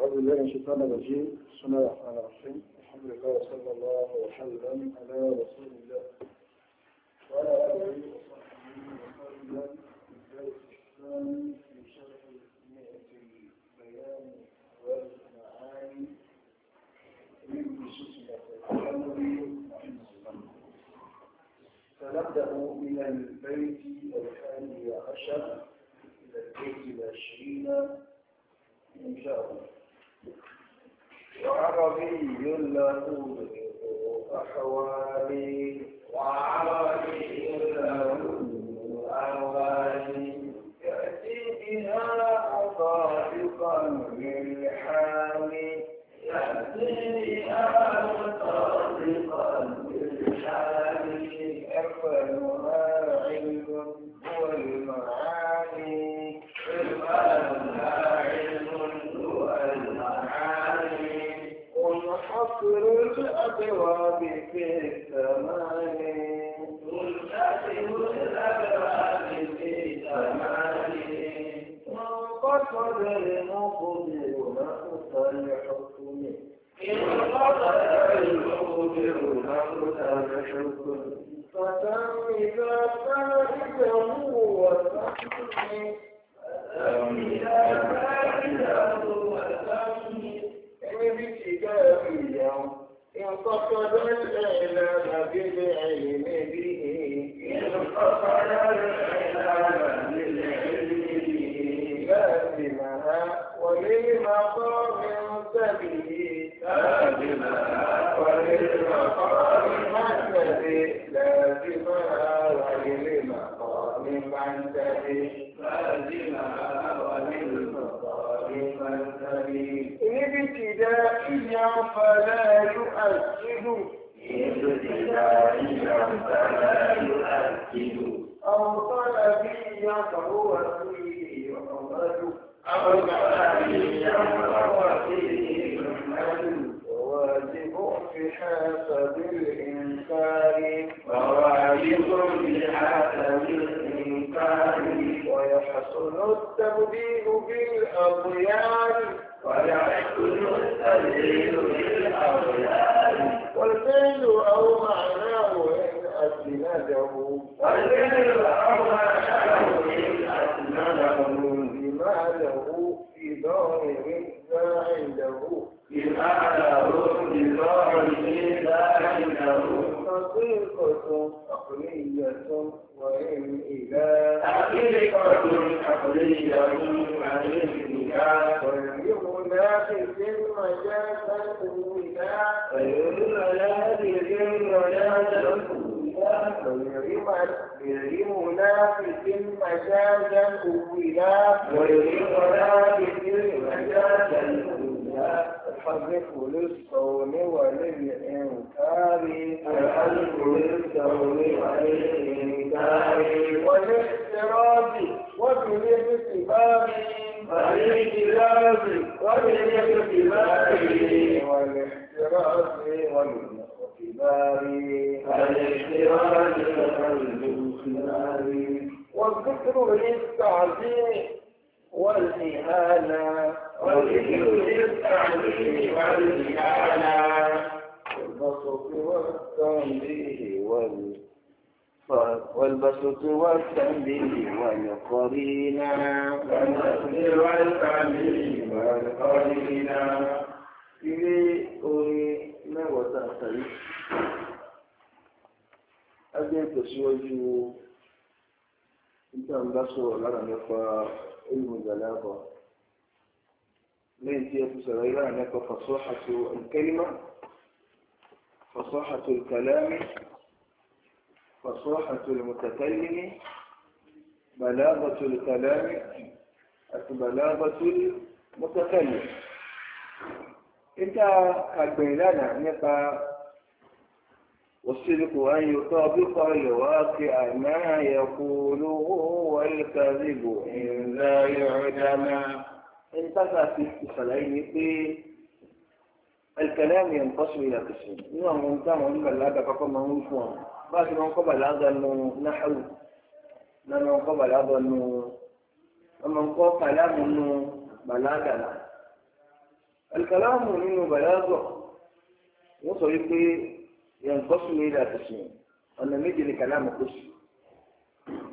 أعوذ بالله من الشيطان الرجيم بسم الله الرحمن الرحيم الحمد لله وصلى الله وسلم على رسول الله وعلى آله وصحبه وسلم في شرح مئة البيان والمعاني من بشسمة سنبدأ من البيت الحادي عشر إلى البيت العشرين إن شاء الله وعربي له أحوالي وعربي له يغيرها متى شكر فتم إذا سمعته وسمعت فهو فيه وفضله أربع وواجب في حسب الإنكار وواجب في حسب الإنكار ويحصل التبديل بالأضيان ويحصل التبديل بالأضيان والفعل أو معناه إن أسنده والفعل أو معناه إلا عنده إلا عنده حقيقة عقلية وإن إذا حقيقة عقلية وإن إذا ويمنافس المجازة الوداع ويمنافس المجازة الوداع لمنافق مجازا أولا ولمنافق مجازا أولا الحذف للصوم وللإنكار الحذف للصوم وللإنكار والاحتراز وبالاغتباب والاحتراز وبالاغتباب والاحتراز والمخ والذكر للتعظيم والإهانة والبسط والتنبيه وال والبسط والتنبيه والقرينة والبسط والتنبيه والقرينة في أولي ما ẹgbẹ́ ìtẹ̀síwájú níta ń bá sọ̀rọ̀ lára nípa olùmọ̀gbàlá bọ̀ lẹ́yìn tí ẹ ti sọ̀rọ̀ lára nípa fasọ́hàtò ìkẹ́límà fasọ́hàtò ìkàlámì fasọ́hàtò ìmùtàkẹ́límì bàlábàtò ìkàlámì àti bàlábàtò ìmùtàkẹ́límì. níta àgbẹ̀yìn lánàá nípa. والصدق أن يطابق الواقع ما يقوله والكذب إن لا يعلم انتفى في الصلين في الكلام ينقسم إلى قسم إنه ممتع من بلاغة فقط ما هو فهم بعد ما قبل هذا أنه نحو لما قبل هذا أنه قبل كلام أنه الكلام منه بلاغة وصل ينقسم إلى قسمين أنا مدي لكلام قسم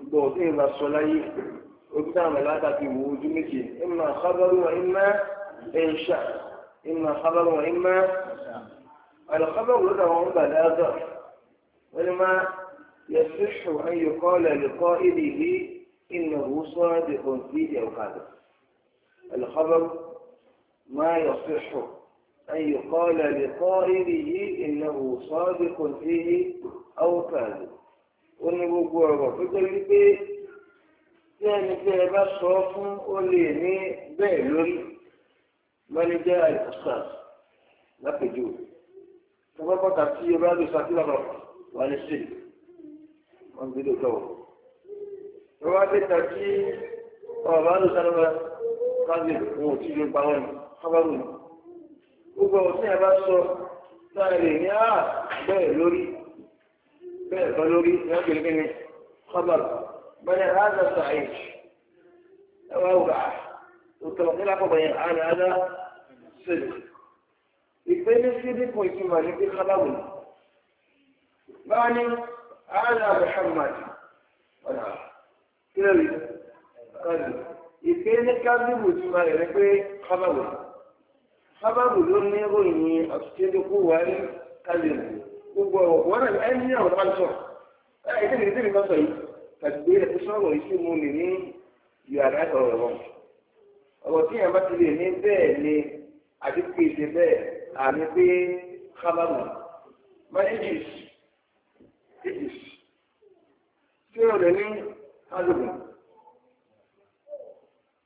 بوضع الصلاة وبتاع ملاتا في وجود مثل إما خبر وإما إنشاء إما خبر وإما الخبر لدى لا الآذر ولما يصح أن يقال لقائله إنه صادق فيه أو كاذب الخبر ما يصح أن يقال لقائله إنه صادق فيه أو كاذب oni gbogbo ọ̀rọ̀ tó jẹ́ wípé tí ẹni tí ẹ bá sọ fún ó lè ní bẹ́ẹ̀ lórí mẹnẹjẹ àìsàn lápẹjù tó bá bọ́ta tí ẹ bá lè ṣàkíyàn lọ wà ní sí wọn gbé lè tọwọ tó bá dé ta tí ọ̀rọ̀ bá lè ṣàkíyàn lọ kábíyèsí wọn ò tí ì lè pa wọn ní kábàrún ní gbogbo ọ̀rọ̀ tí a bá sọ láì lè ní àá bẹ́ẹ̀ lórí bẹ́ẹ̀ bá lórí ní wọ́n kìlì kíni kọ́bàrù bẹ́ẹ̀ ádá sàáyì ẹ wá wùrà òtò nílá kọ̀ọ̀bọ̀ yẹn ádá ádá sèlè. ìpè ní sídìkù ìtumọ̀ ní kí kábàbù báwa ní ádá Muhammad ọ̀nà kílẹ̀ rí kábì ìpè ní kábìbù ìtumọ̀ rẹ̀ ní pé kábàbù sábàbù ló ní ròyìn àtúnṣedókò wà ní kálẹ̀ gbogbo ọ̀rọ̀ wọn náà ẹni ní àwọn ọ̀rọ̀ sọ̀rọ̀ ẹ̀ ẹ̀ ìdílé kan sọ yìí tàbí ẹ̀ sọ̀rọ̀ yìí sí mo lè ní yàrá ọ̀rọ̀ wọn. ọ̀rọ̀ tí yàrá ti lè ní bẹ́ẹ̀ ni àdínkù ìṣe bẹ́ẹ̀ àmì pé sábàbù managers ages tí ó lè ní kálẹ̀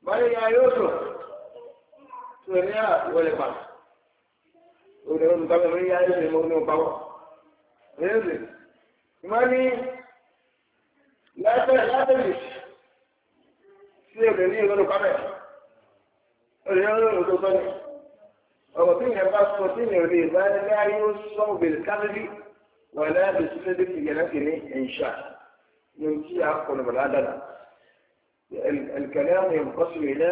mọ́lẹ́yà yóò sọ̀rọ̀. sọ̀rọ̀ ní àwọlé pa òde olùkọ́lẹ̀ lórí ayé ṣe mọ́ ní ọ̀páwọ̀ lẹ́yìn ìmọ̀ ní látẹ̀lẹ̀ látẹ̀lẹ̀ sí òde ní olùkọ́lẹ̀ òde ní olùkọ́lẹ̀ ọ̀rọ̀ tí ìyẹn bá sọ tí ìyẹn rí ìbáraẹni ayé ó sọ òbèrè kábílì wà láàbì sí lédè ìyẹn láti ní ẹ̀ǹṣà ní ti àkọlùmọ̀lá dára الكلام ينقسم إلى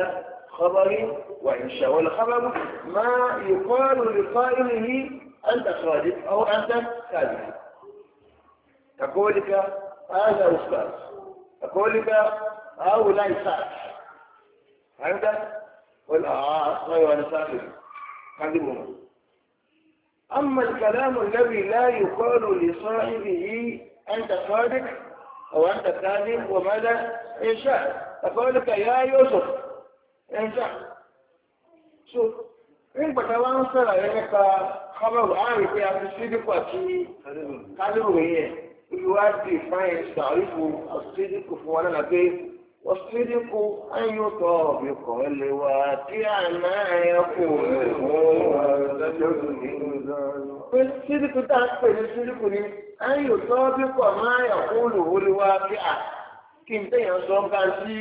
خبر وإنشاء والخبر ما يقال لقائله أنت خارج أو أنت خارج كقولك هذا أستاذ كقولك هؤلاء ساعة فهمت؟ قل آه أصغر أنا ساعة كذبهم أما الكلام الذي لا يقال لصاحبه أنت صادق أو أنت كاذب وماذا إن تقول لك يا يوسف ẹja so nígbàtà wá ń sẹ́rà rẹ nípa kọ́bẹ̀rù àárín pé a ti sí dípò àti kálíwò yẹn olùwádìí fáyẹn sàrífò àṣídìkò fún wa náà pé wọ́sídìkò ayò tọ́ ọ̀bì kan lè wà tí àná ẹ̀ kò lè fún pé sídìkò tá a pè ní sídìkò ni ayò tọ́ máa yà kí n tẹ̀yàn sọ ká sí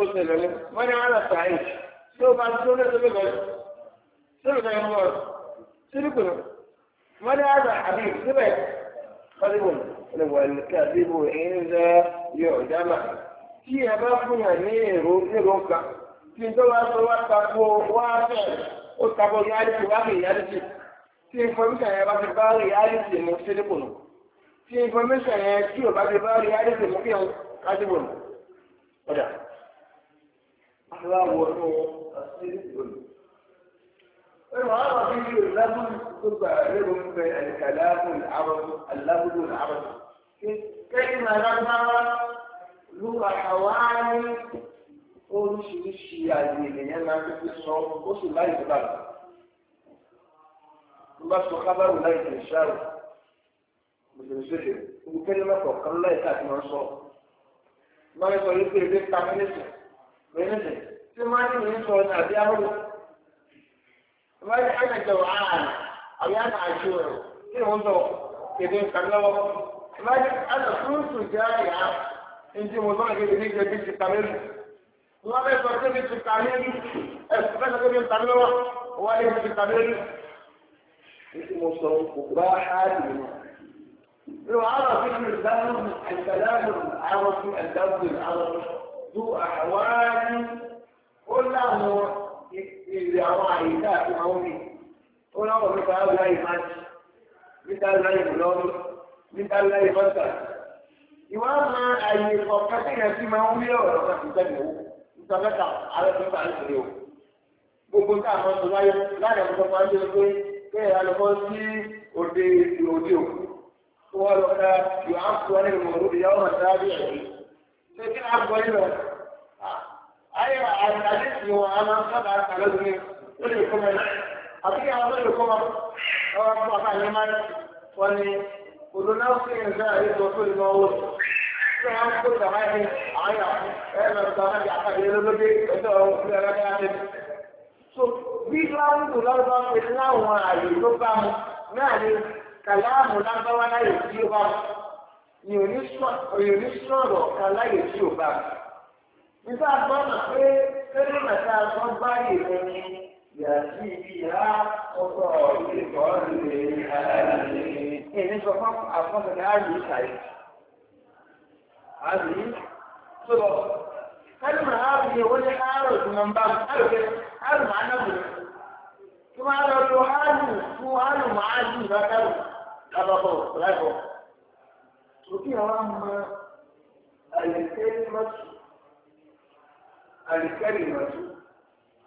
oṣù lọ́lẹ́ wọ́n ní wọ́n lọ sàáyì tí ó bá tó lé tó lé lọ́lẹ́ tí ó lè fẹ́ mọ́ sí ní kùnú wọ́n ní wọ́n lọ àbí síbẹ̀ wọ́n ti wọ̀n ní wọ́n ní kàdébò ẹ̀yìn ń lọ yọ ọ̀dámà tí ẹ bá fún yàn ní èrò èrò kan tí n tó wá sọ wá tako wá fẹ́ ó tako yálìtì wá fi yálìtì tí information yẹn bá ti bá yálìtì mú sí ní tí information yẹn tí ò bá ti bá yálìtì mú kí عدو ودع أحلى ونور السجن المعارضة في اللفظ تبعد بين الكلام العربي اللفظ العربي كلمة رغبة لغة حوالي oríṣiríṣi àyè ènìyàn máa ń fi sọ ó sì láì bàbà tó bá sọ kábàrù láì tẹ̀síàrù mùsùlùmí ṣèṣe òkú kẹ́lẹ́mẹ́kọ̀ọ́ kan láì káàkiri wọn sọ. lọ́wọ́ sọ wípé èdè kàmínìtì mínìtì tí máa ní ìwé sọ ní àbí ahọ́lù. Ìwọ́n ní ẹ̀ka jọ ààrẹ àbí àná àjò rẹ̀ kí wọ́n sọ èdè kàmínìwọ́. Ìwọ́n ní ẹ̀ka fúrúùtù jẹ́ àyà ẹ̀jẹ̀ mo sọ̀rọ̀ kéde ní ìjẹbi ti kàmínì. Ìwọ́n bẹ sọ kébi ti kàmínì ẹ̀sùn bẹ́sẹ̀ kébi kàmínìwọ́ wọ́n ní ti kàmínì. Ìjì mo sọ òkú bá العرب عندهم الكلام العربي الدولي العربي ذو أحوال كله يراعي ذات عوني كله مثال لا يمشي مثال لا يبلغ مثال لا يفتح يوما أي فقطين في مومي ولا تفتنه مثلا على سبع اليوم gbogbo tá a máa sọ láyé láyé àwọn ọmọ ajé pé kéèyàn lọ sí òde ولو كان يعف عن المولود يوم السابع لكن عف عنه أي عن الحديث هو أنا قد على لازم كلكم أبي لكم أو أبغى أعلم وأني كل نفس زائد وكل موت فهم كل هذه عيا أنا بتاعي أحد يلبس كذا وكذا كذا so bí bá ń lò lọ́dọ̀ ìlànà àyè tó bá mu náà ni kàláàmù lágbáwá láyè tí ó bá mi òní sọ̀rọ̀ kan láyè tí ó bá mi. nígbà gbọ́ mà pé kéré màtá wọn bá yè fún mi yàtí ibi ha ọkọ̀ ilé kọ́ lè àlàyé. ìní sọ fún àfọ́nmi àlù ìsàlẹ̀. àlù yìí sọ̀rọ̀ kálímà àlù yìí wọ́n ní àrò ìmọ̀nba àlù kẹ́lẹ́ àlù màá nàbùrù. tí wọ́n á lọ lo àlù fún àlù màá jù وفيها الكلمة الكلمة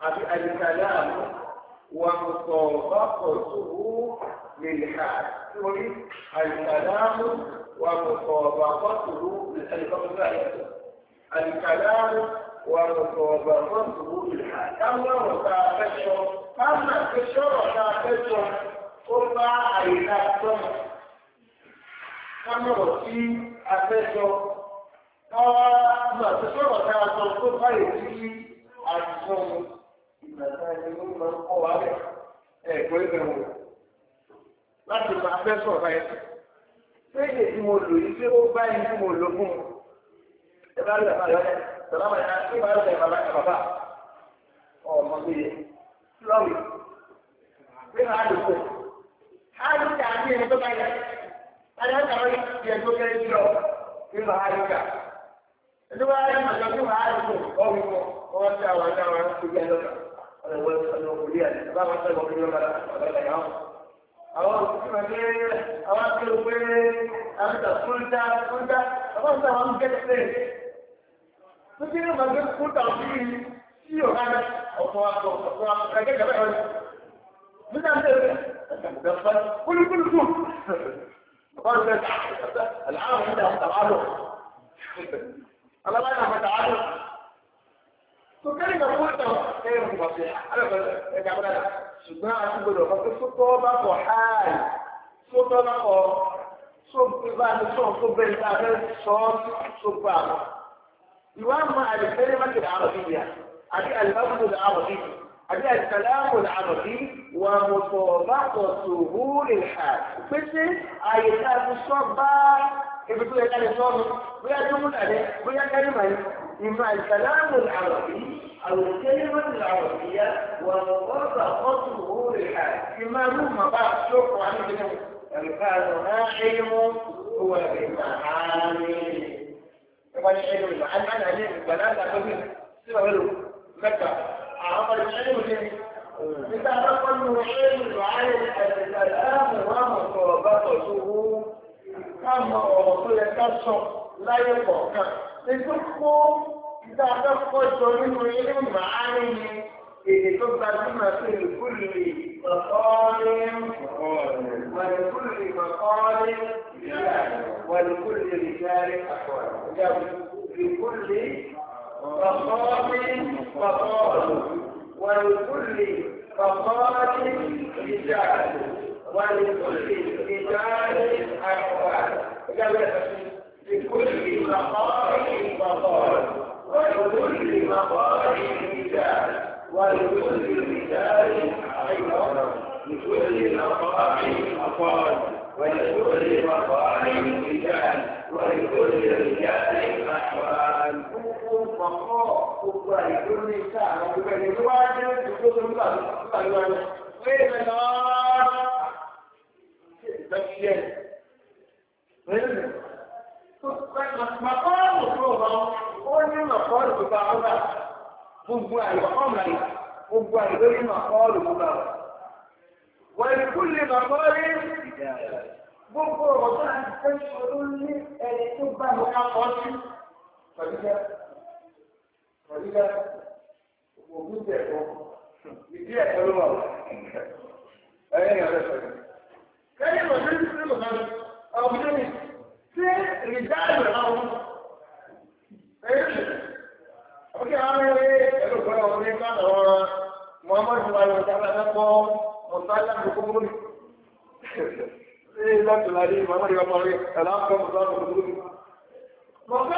أبي الكلام ومطابقته للحال يقول الكلام ومطابقته الكلام ومطابقته للحال الله تعالى كما كشر تعالى ó bá àyíká sọ́nà kámọ̀rọ̀ sí afẹ́sọ káwá ní àtẹ́sọ̀rọ̀ tá a sọ tó báyìí sí àtúnṣe ìgbà tá a ní ló máa ń kọ́ wa rẹ̀ ẹ̀kọ́ ìbẹ̀wò láti máa afẹ́sọ̀ báyìí. Ṣé èdè tí mo lò yìí ṣé ó bá ẹni tí mo lò fún Ọmọ mi lọ́wọ́ yìí? Bí wàá lò fún un? àríkà ní ẹni tó bá yẹ àríkà wọn yẹ tó kéré jù lọ nínú àríkà ẹni wọn àríkà màjọ kí wọn àríkà ọwọ́ wọn wọn ti àwọn àti àwọn àti ìgbà lọ́nà ọ̀nà wọn ti sọ̀rọ̀ òkú díẹ̀ bá wọn sọ̀rọ̀ òkú díẹ̀ lọ́nà ọ̀nà ìyá wọn. àwọn òkúta pé àwọn àti òkú àríkà fúnta fúnta àwọn àti àwọn gẹ́gẹ́ tó kéré màjọ fúnta òkú yìí sí òkú àgbẹ̀ ọ̀pọ̀ àpọ̀ ọ̀pọ̀ àpọ̀ من مدخل كل كل كل قال لك العام عندها تعالوا انا ما انا تعالوا فكلمة قلتها غير مفصيحة انا يا جماعة ṣùgbọ́n a ti gbọdọ̀ kọ́kọ́ sótọ́ bá kọ̀ háì sótọ́ bá kọ̀ sóògùn bá ní sóògùn tó bẹ̀rẹ̀ bá fẹ́ sọ sóògùn àwọn. ìwà máa àlùfẹ́rẹ́ má ti dàrọ̀ bíyà àti àlùfáàmù dàrọ̀ bíyà àti àlùfẹ́lẹ́mù dàrọ̀ bíyà. wà mọ̀tọ̀ bàtọ̀ tó hú ìhà pèsè àyè tá a fi sọ bá ibi tó yẹ ká lè sọ́ọ̀nù bóyá tó múlà dẹ bóyá kárí màá ìmọ̀ àìsàlámù àròbí àròkẹ́lẹ́ mọ́tò àròbí yá wà mọ̀tọ̀ bàtọ̀ tó hú ìhà ìmọ̀ àrùn màbá tó kọ̀ àmì ìdílé الفاظ العلم هو بالمعاني يبقى العلم المعنى عن العلم بلاغه كله سيبه مكه عمر العلم nígbà tó kọ́ ní oṣù ìwáyé ẹ̀sìnkàlámù wà mọ̀ sọ̀rọ̀ bá tọ̀jú owó ká mọ ọ̀rọ̀ tó yẹ ká sọ láyé kọ̀ọ̀kan ètò kó nígbà tó kọ́ jọ nínú ilé màálí ni èdè tó gbajúmọ̀ sí ìlúkúlù ìkọ̀kọ́rí wàlúkúlù ìkọ̀kọ́rí wàlúkúlù ìrìnàrí àkọ́rọ̀ ìkúlù ìkọ̀kọ́rí ìkọ̀kọ́rí. ولكل فقات رجال ولكل رجال أحوال لكل مقام مقال ولكل مقام رجال ولكل رجال عباد لكل مقام مقال ولكل مقام رجال ولكل رجال أحوال مقام gbogbo àyè tó ní ká àwọn gbogbo ẹni tó bá jẹ́ ìdúró tó ń gbà nípa ìwà rẹ̀ pé ìrẹ̀ lọ ṣe ìtọ́sílẹ̀ rẹ̀. Màkọ́ọ̀mù tó lọ, ó ní màkọ́ọ̀lù tó bá ọ̀gá. Gbogbo àyè ọ̀mà yìí, gbogbo àyè ló ní màkọ́ọ̀lù tó bá ọ̀gá. Wọ́n kú lè màkọ́ọ̀lù gbogbo ọ̀gá àti tẹ́sí olóyún ẹni tó bá ọ̀gá kọ́ sí ọ̀dígbà òkú tẹ̀ ẹ̀kọ́ ìdí ẹ̀kọ́ ló wà ẹ̀yìn ìyàrá sọ̀rọ̀. lẹ́yìn ìwọ̀n tó ń sọ ìwọ̀n náà àwọn ọmọdé mi ṣé ìdáàbò àwọn ẹ̀yìn ọkẹ́ àwọn ẹ̀rẹ́ ẹ̀lọ́gbọ́n àwọn ọmọdé ká àwọn muhammadu buhari ọ̀tá alákọ̀ ọ̀tá alákọ̀ kókó ní. ṣé ìlàtúlá ní muhammadu buhari alákọ̀ ọ̀tá alákọ̀ kókó ní. mọ̀ká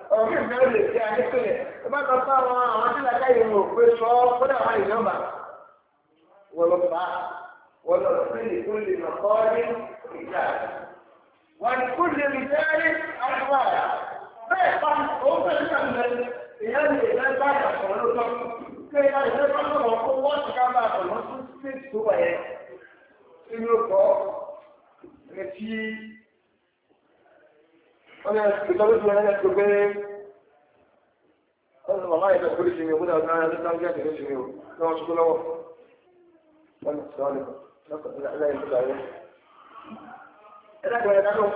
ọ̀rọ̀ mi fẹ́ lè ṣe àdékùnlẹ̀ tó bá lọ bá àwọn àwọn tí làkà yìí mọ̀ pé sọ ọ́ kódà wà ní nọ́mbà wọ́n lọ bá wọ́n lọ sí ìkú lè nà kọ́ ní ìjà wọ́n kú lè mi jẹ́rìí ìyá mi bá yà sọ̀rọ̀ lọ́tọ́ wọ́n ti ká bá sọ̀rọ̀ tó ṣètò ẹ̀ sínú ọkọ̀ ẹ̀ wọ́n yẹ ìtọ́jú tó yẹ kó pé ọ̀sán màmá yìí lọ́kọ́ lóṣù mi òkúta ọ̀sán ẹ̀rọ sáńgá ti lóṣù mi ò ní wọ́n ṣubú lọ́wọ́ wọ́n ní sọ́ọ́ ni lẹ́yìn tó sáré. ẹ dákun ẹ dákun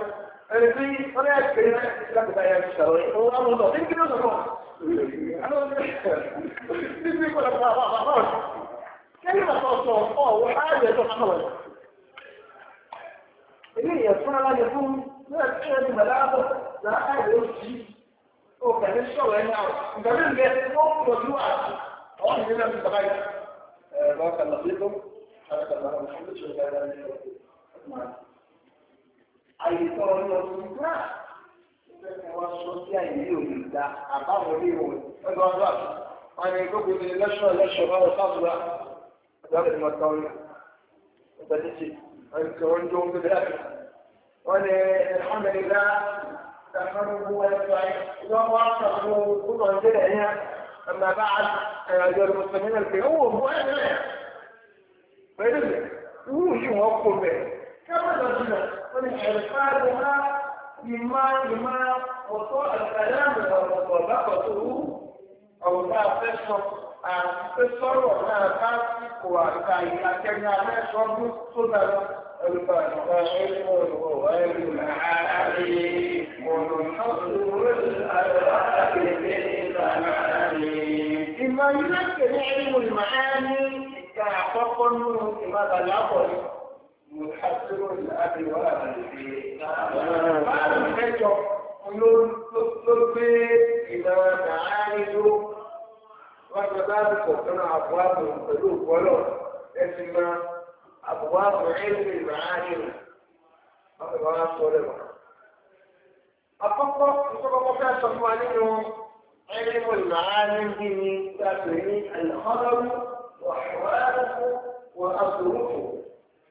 náà tí wọ́n ti mọ̀ láàbọ̀ láàbọ̀ yóò sí ó kẹ̀lé sọ̀rọ̀ ẹ̀yìn àwọn nǹkan bí nǹkan ẹ̀sìn tó ń pọ̀ sí wàásù àwọn nìyẹn náà ti bàbá yìí. ẹ̀rọ kàlọ́ bí tó kàlọ́ kàlọ́ kàlọ́ kàlọ́ kàlọ́ kàlọ́ wọ́n sọ sí àyè òní ìdá àbáwọn orí ìwọ̀n ẹgbẹ́ wọn bá wọn ni gbogbo ní lẹ́ṣọ̀ lẹ́ṣọ̀ bá wọn sábà ẹgbẹ́ wọn ti mọ̀ tán ní ọ̀tẹ̀ títì wọn ti sọ wọn jó ń gbé dáadáa. والحمد لله نحمده ونستعينه ونستغفره ونتوب اليه اما بعد ايها المسلمين الكرام فإذا يوجي وقل به كما تجد ونحرفاتها مما مما وصول الكلام وطبقته أو لا تشرب أن آه، تشرب أنها تشرب وأنها تشرب صدرا والفرق علم وغير العالم والحصر الأرواح بالزمان إما يمكن علم المعاني كعقق كما بلغه محصر الأبواب في بعد الحجر olóògbé ìmọ̀ àárín ló wọ́n ti bá àbùkù kan àbúrò pẹ̀lú ògbọ́lọ̀ ẹ̀sìn máa. أبواب علم المعالم أبواب طلبة أفقط نصبق فيها صفوانيهم علم المعالم به تأثيرين الخبر وأحواله وأظروفه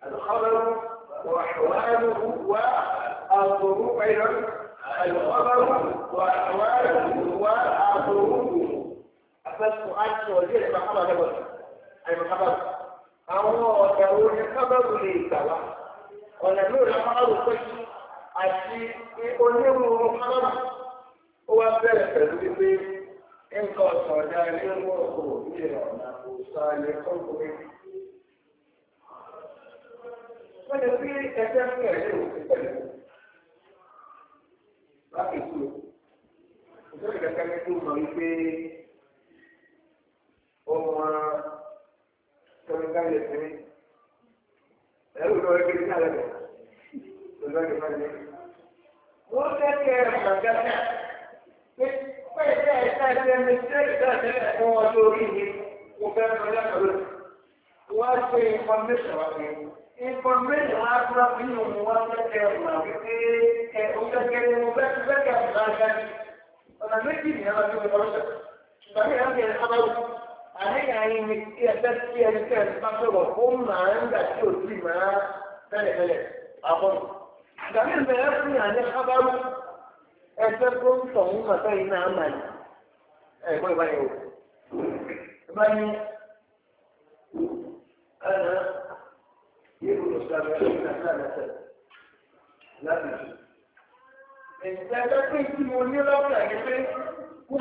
الخبر وأحواله وأظروفه أيضا الخبر وأحواله وأظروفه أفضل سؤال سؤالية لما خبر لبس أي محبب àwọn ọ̀dà wo ni kábàbù lè gbà wá ọ̀nà ní òun àti onírúurú kábàbù ó wá bẹ̀rẹ̀ pẹ̀lú wípé nǹkan ọ̀sán ọ̀dà ilé ń ilé wọ́n lè fi ẹgbẹ́ fún pẹ̀lú sobre calle de mí. Es uno de cristal de mí. Sobre que para mí. Usted que es la casa. Pues ya está en el ser, como tú dije, usted no le ha dado. Wáṣe ìfọ̀mẹ́sọ̀ wá ní. Ìfọ̀mẹ́sọ̀ wá fún àfihàn òun wá fẹ́kẹ̀ ọ̀nà wípé ẹ̀ ó fẹ́kẹ̀ mo fẹ́ fẹ́kẹ̀ ọ̀nà àgbáyé. Ọ̀nà méjì ni a máa fi ọ̀nà ọ̀sẹ̀. Ìgbà mí àníyàn yín ni kí ẹgbẹ́ tí ẹni tẹ́ ẹ bá sọ̀rọ̀ ó máa ń gbà tí ò sí máa tẹ́lẹ̀tẹ́lẹ̀ àbọ̀nù. àgbàmí ìbẹ̀rẹ̀ fún yàn ní kábàrú ẹgbẹ́ tó ń tọ̀ ń mọ̀tọ́ yìí náà mà ní. ẹ̀gbọ́n ìbáyọ̀ o. ìbáyọ̀ ẹ̀nà yìí kò sọ̀rọ̀ ẹ̀ ní láti jù. ìjẹ́jẹ́ pé tí mo ní lọ́kàn yìí pé kó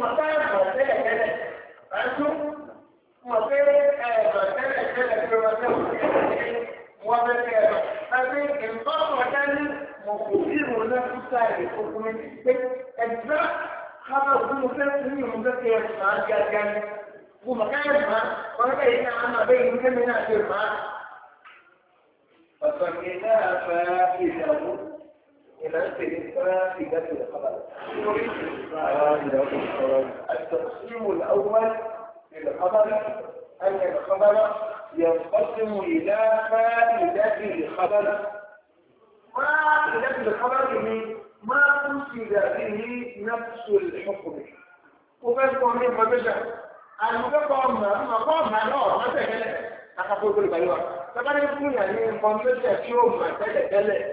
wọ́n fẹ́ ẹ̀rọ tẹ́lẹ̀ tẹ́lẹ̀ tí wọ́n tẹ́ wọ́n tẹ́lẹ̀ wọ́n fẹ́ ẹ̀rọ. Àti ìfọ́sọ̀ dání mọ̀ kò sí ìròyìn náà tó sáré ọkùnrin pé ẹ̀dá kábà òkú mo fẹ́ fún ìròyìn tó kẹ́ ẹ̀rọ máa di ajá ni. Mo mọ̀ ká ẹ̀rọ máa wọ́n fẹ́ yìí náà máa bẹ́ẹ̀ yìí kẹ́mi náà ṣe máa. Ọ̀sán ni náà fẹ́ ìdààmú التقسيم الأول الخبر أن الخبر ينقسم إلى فائدته الخبر فائدته الخبر ما قصد به نفس الحكم وفاتكم من المبشر المبقى أمنا مقام على الأرض ماذا كلا أخذوا كل بيوان فقال يقول يعني المبشر في يوم ماذا كلا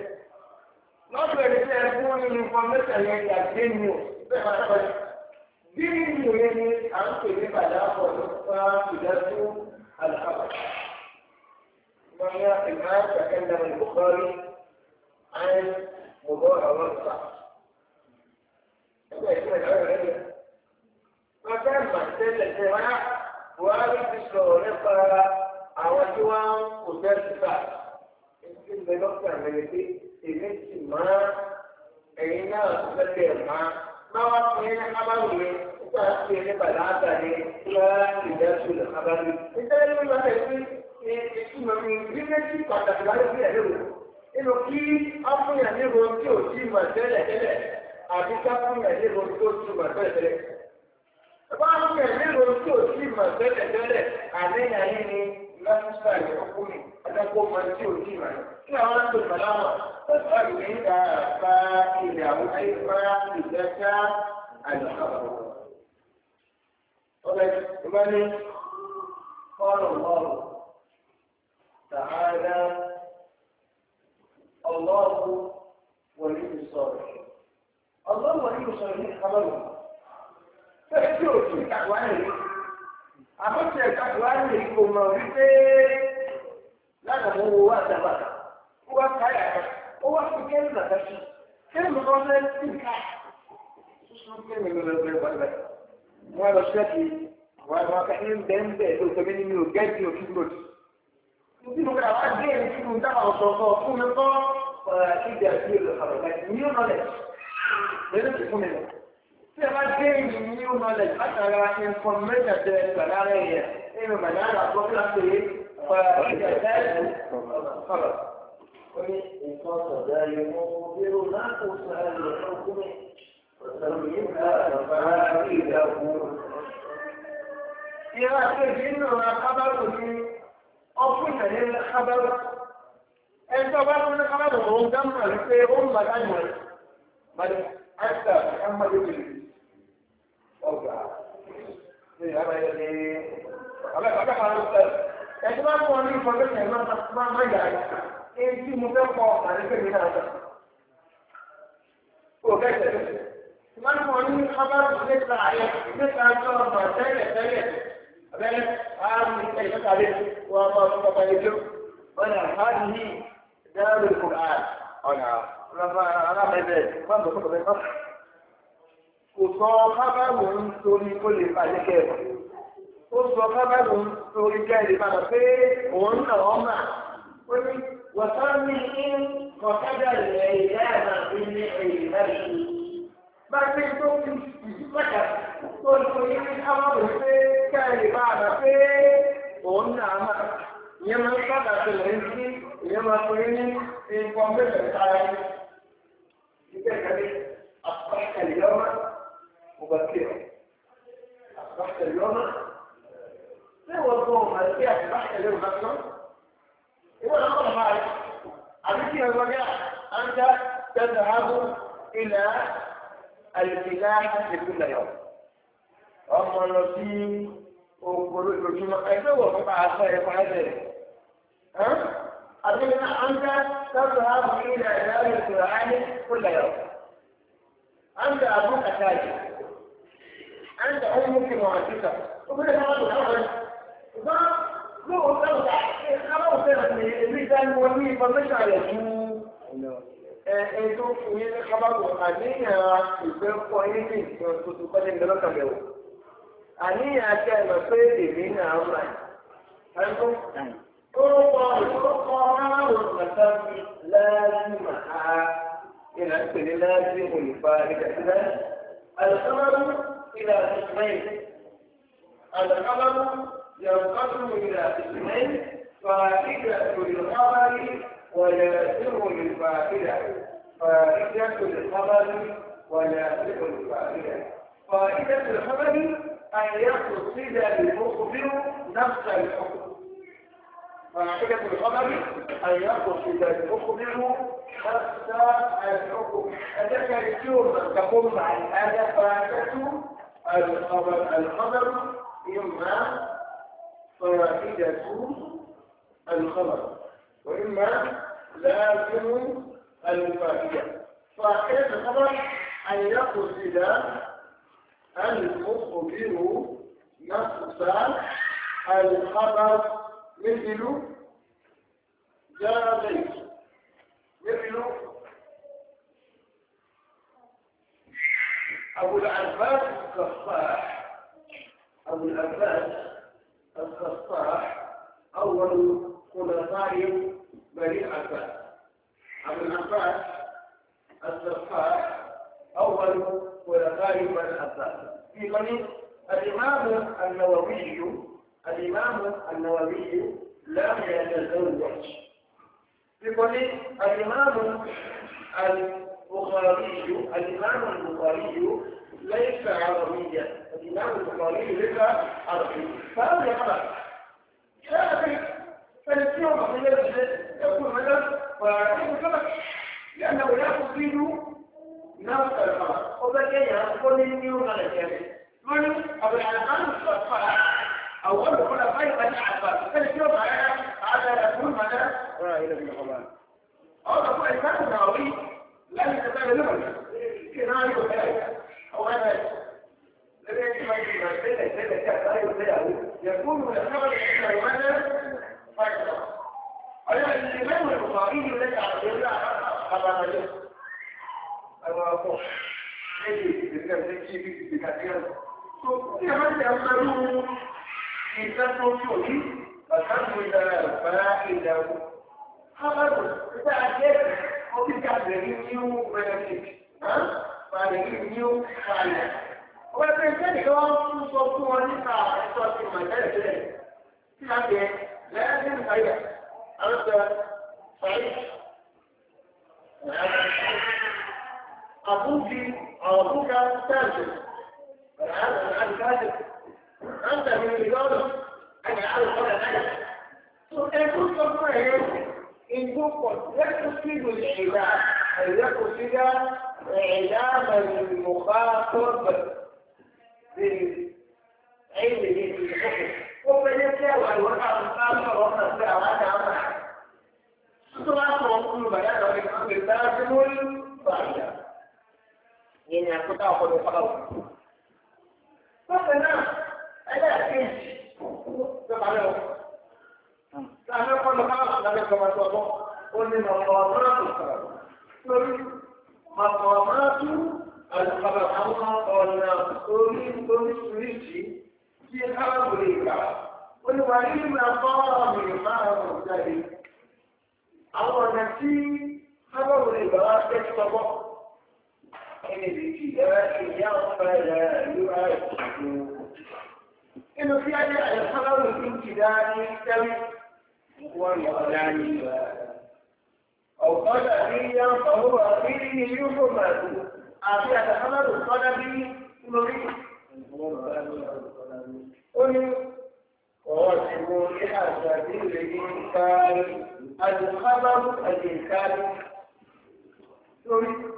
لا تقول يقول المبشر يعني الدنيا bí nínú yẹn ni à ń pè ní bàdáàbọ̀ ló fa ìdájú àlùfáà. وهي الآن تكلم البخاري عن موضوع الرفع فكان محتاج الجماع وقال في الشورقة عوجوا وترتفع يمكن بنقطة من دي يمكن ما أين أتذكر معه náà wọ́n fi ní abáwò yẹn nígbà tí ẹni bàdá àtàlẹ lọ́wọ́ ìdásù lọ abáwò. nítorí ló ń bá tẹ̀ sí ní ìtumọ̀ mi bí méjì pàtàkì wáyé bí ẹ̀rọ nínú kí áfúnyàn ní ro tí ò tí mọ̀ tẹ́lẹ̀ tẹ́lẹ̀ àbí káfúnyàn ní ro tó tí mọ̀ tẹ́lẹ̀ tẹ́lẹ̀. ẹ̀fọ́ áfúnyàn ní ro tí ò tí mọ̀ tẹ́lẹ̀ tẹ́lẹ̀ àníyàn lásìkò ìrọ́kùn mi ẹ̀dẹ́gbọ́n máa ń tí ò ní ìmọ̀ kí àwọn àti ìmọ̀láwọ̀ tọ́jú àgbẹ̀ ìdá àbá ilẹ̀ àwọn ayélujára ìdẹ́ta àlùkàwọ̀. ọ̀rẹ́ ìmọ̀lẹ́ kọ́ọ̀rọ̀ lọ́rùn tàhádá ọlọ́ọ̀kú wọlé ìsọ̀rọ̀ ọlọ́ọ̀wọlé ìsọ̀rọ̀ ní ìkábọ̀lù fẹ́ẹ́ tí ò àkọsí ẹ̀ka tó wá lè kó mọ̀ wípé lánàá mo wo àdàbà ó wá káyà kan ó wá fi kẹ́rù nàdá sí kẹ́rù mi kọ́ fẹ́ sí ká sísun kẹ́rù mi lọ lọ wọlé wọn lọ sẹ́ẹ̀kì wọn lọ ká ní bẹ́ẹ̀ bẹ́ẹ̀ tó tẹ̀mí nínú gẹ́gì òfin lòdì. Ibi mo kà wá dé ẹni tí mo dábàá ọ̀sọ̀ fún mi kọ́ ìdí àti ìlú ọ̀rọ̀ láti tí a bá dé ìlú ní knowledge látara information tẹ ẹgbà lára ẹ̀yẹ nínú mẹ̀lára tó kí láti rí ọ̀rọ̀ ìjẹ̀dá ẹ̀sùn ọ̀rọ̀. ó ní nǹkan sọ̀dá yìí mú bírò láti sọ ẹ̀rọ ọkùnrin ọ̀sán yìí ká àgbàrá àti ìdáàbò. ìyá àkejì nínú akábàrò ní ọkùnrin náà ní akábàrò. ẹjọ́ bá fún akábàrò òun dáhùn àti pé ó ń bàdá yìí. Màdì, àìsàn, àmàlẹ́ òbí. ọgbà ẹ̀sìn máa ń mú ọ ní ìfọ̀gbẹ́sẹ̀ máa máa yà á ẹni tí mo fẹ́ kọ àti pèmí náà gbà. kò bẹ́ẹ̀ tẹ̀lé máa ń mú ọ ní abáàbò nípa ayẹ nípa ọjọ́ ọgbà tẹ́lẹ̀ tẹ́lẹ̀ abẹ́rẹ́ ààrùn ìfẹ́ ìfẹ́kàlẹ́ wọn máa ń kọ́kọ́ ẹjọ́ ọ̀nà àbáàdì yìí dáhùn ìkùn ààrùn ọ̀nà alábẹ́bẹ́ máa ń bọ̀ fún ọ̀bẹ́ kò sọ kábàáwò ń torí kó lè bàjẹ́ kẹ́ẹ̀kọ́ ó sọ kábàáwò ń torí kẹ́ẹ̀lì padà pé òun náà ọmọ ó ní wọ̀sán ní kọ̀kadà rẹ̀ ìyá àmà ilé ẹ̀yìn náà ṣe bá a pé tó fi òun náà mà ìyẹn máa ń sábà tẹ̀lé sí ìyẹn máa pè é ní ìfọ̀mẹ́tẹ̀ sáyẹn. Ìgbẹ́kẹ̀lé àpapọ̀ ìyọ́mọ́. مبكرا أصبحت اليوم لو الظهر مالكية أصبحت اليوم مثلا هو الأمر معك عليك الرجاء أنت تذهب إلى الفلاحة لكل يوم أما نسيم وقلوب الجمعة أيضا وقطع الخير فهذا ها؟ أبدا أنت تذهب إلى دار القرآن كل يوم أنت أبوك تاجر عند أي ممكن وعشتها وكل هذا الأول ده لو لو خلاص الميزان والميزان مش على ètò òye ní kábàkù àníyàn ìfẹ́ pọ̀ yín ní ìfẹ́ tuntun kọ́ ní ìdánwò kàlẹ́ o. àníyàn àti ẹ̀rọ pé èmi náà ń rà ẹ̀kọ́. orúkọ orúkọ márùn-ún màtá fi láàrín màá ìlànà ìpèlè láàrín olùfà ìdàgbàsílẹ̀. àlùfáà إلى اسمين الخبر ينقسم إلى اسمين فائدة للخبر ويأثر للفائدة فائدة للخبر ويأثر للفائدة فائدة الخبر أن يقصد المخبر نفس الحكم فائدة الخبر أن يقصد المخبر نفس الحكم أنك يجوز أن تقوم عن هذا فائدة الخبر الخبر إما فائدة الخبر وإما لازم الفائدة فائدة الخبر أن يقصد المخبر نفس الخبر مثل جاء بيت مثل أبو العباس القصاح أبو العباس القصاح أول خلفاء بني العباس أبو العباس القصاح أول خلفاء بني العباس في بني الإمام النووي الإمام النووي لم يتزوج في بني الإمام البخاري الإمام البخاري ليس عربيا الإمام البخاري ليس عربيا فهذا يقرأ لكن أدري فالسيوم أخيرا يكون هذا ويكون فقط لأنه لا تصيب نفس الخبر وبالتالي هتكون اليوم على الجانب من أبو العلقان الصفحة أول خلفاء بني عباس فالسيوم على على يكون هذا رائع بن حبان أو أبو الإمام لا يتبادل كناية وكناية أو أنا يكون من الخبر الحيوانات فاكرة أيضا الإمام البخاري الذي على جميع خبر مجلس أنا أقول ليه بكم تكي بك بكثير كمان يأمرون في سنة شوي فكم إذا فلا إلا خبر بتاع كيف kíkà lè rí new benefit máa lè rí new kàlẹ̀. wọ́n ti ṣe nìkan wọ́n tún sọ fún wọn nípa ẹ̀tọ́ ti mọ̀ tẹ́lẹ̀ tí a bẹ lẹ́yìn ìfàyà àwọn sọ fàyè. أبوك أبوك تاجر أنا تاجر أنت So, and who's إن تقصد يقصد العلام أن يقصد إعلام المخاطب بالعلم بالحكم ومن يتلاوى الوضع المخاطب وقت الساعات عمى صراط وكل بيان ومن أمر الضعيف إن يقطع كل خلق فقنا ألا Tàbí ọkọ̀ lọ káàkiri lábẹ́ kọmọ tó ọgbọ́n, ó ní ọmọ ọmọdé sọ̀rọ̀. Torí, ọmọ ọmọdé àlùkọ̀lọ̀ àwọn ọ̀nà orí oríṣiríṣi tí káàbù lè gbà. Olùwà yìí máa kọ́ ọ̀rọ̀ mi máa rọ̀ jáde. Àwọn ọ̀nà tí káàbù lè gbà wá fẹ́ sọ́gbọ́n. Ẹni ìdíjì ẹ̀rẹ́ ìyá ọ̀pẹ rẹ̀ ló wá ìṣòro. Inú fi ayé àyẹ̀kọ́lọ́rù ti ń kì dáa ní tẹ́lẹ̀. ومعنى أو قدريا فهو فيه يحمد أبي أتحمل القدري مريض قل ووجه لحسد الإنكار الخبر الإنكار مريض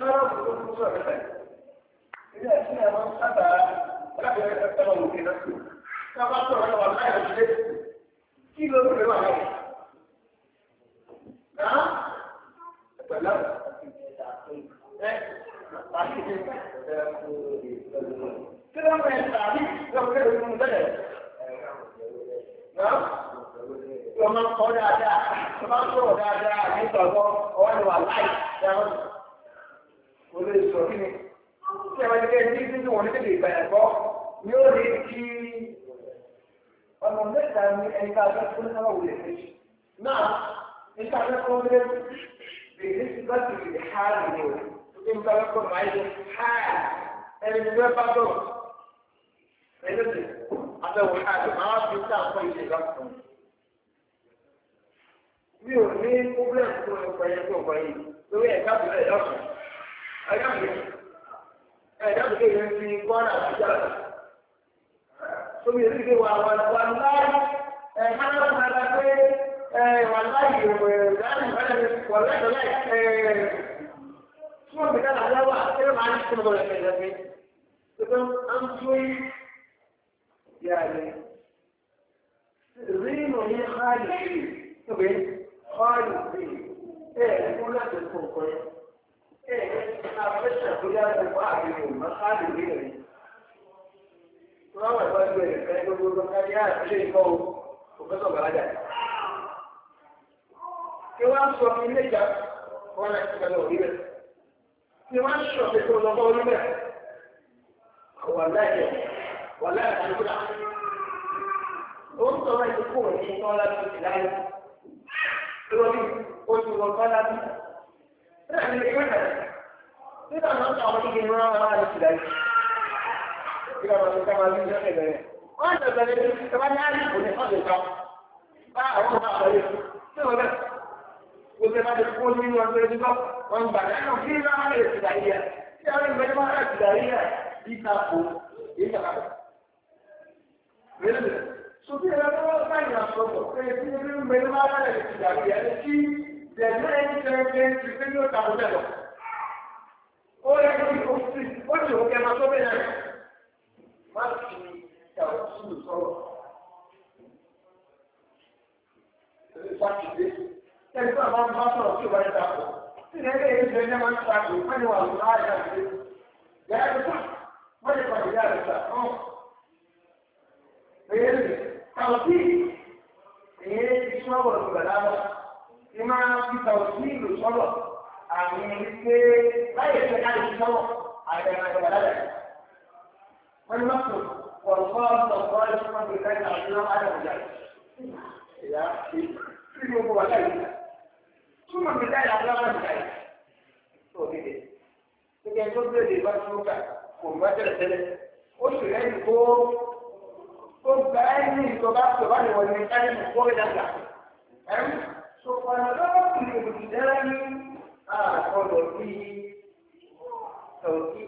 خرج الخصوصية إذا كان من خبر فهو يتكلم في نفسه sábà tó ọ̀rẹ́ wà láyé òṣèlú kí ló ló lè wà láyé. Náà pẹ̀lú ẹ pàṣẹ kí ló ń bẹ tàbí lọ́kẹ́ ló ń bẹ̀rẹ̀. Náà wọ́n máa ń kọ́ dáadáa, wọ́n máa ń sọ̀rọ̀ dáadáa ní ìtọ́gbọ́ ọwọ́ ni wà láyé dáhùn. Olè sọ kí ni? Ṣé ẹ̀rọ ẹgbẹ́ ni ó lè kí والمملكة من الإنتاجات كلها موجودة نعم الإنتاجات موجودة بالنسبة للحال الأولى تقيم تذكر معي حال اللي بيبقى بعده هذا هو حال ما عرف يبتاع طيب لكم ميو مين قبلين كل مقايدين مقايدين لو يعتبر أي أصلا أيام أيام كده في قوانا في جالس tóbi èyí ti wà wà wà láyé ẹ hánà fún ara pé ẹ wà láyé ẹ wà láyé wà láyé ẹ fún òbí ká làlá wà ẹ máa ní kí ló ẹ lẹ́yìn tóbi à ń tó yí yà lẹ rí nù ní xaali tóbi xaali ẹ ẹ kó láti kó kọ́ ẹ ẹ ẹ ká fẹsẹ̀ kó yára kó àgbẹ̀ yòó má xaali rí rẹ̀ wọ́n wà sọ mi ilé ìjà wọn láti ṣe lọ orílẹ̀. kí wọ́n á sọ mi tó lọ́wọ́ orílẹ̀. àwọn aláìjẹ wà láì àdúrà. ó ń sọ láti kó òní iná láti ṣe láyé. lórí ojú wọn bá lábí. bẹ́ẹ̀ ni ìgbẹ́ náà nígbà náà sọ àwọn ìgbìmọ̀ àwọn aláìjẹ kí bá ti kó nínú ọdún ẹni bọ́ gbà lẹ́nu kí ní wọ́n lè ti dàrí yẹ kí wọ́n máa ti dàrí yẹ bí ká kó èyí kàkà má àwọn máa sọ̀rọ̀ sí ìwà lè pàdé yàrá ti sà والمطلوب والخاص والظاهر في كان عندنا على مجال إلى في الموضوع ذلك ثم بداية على مجال Sekian tu dia di bawah muka, kumpulan terus. Oh, sudah itu, oh, kaya ni itu dah tu baru orang minta ni mukul dah lah. Em, so kalau dah tu dia berjalan, ah, kalau di, kalau di,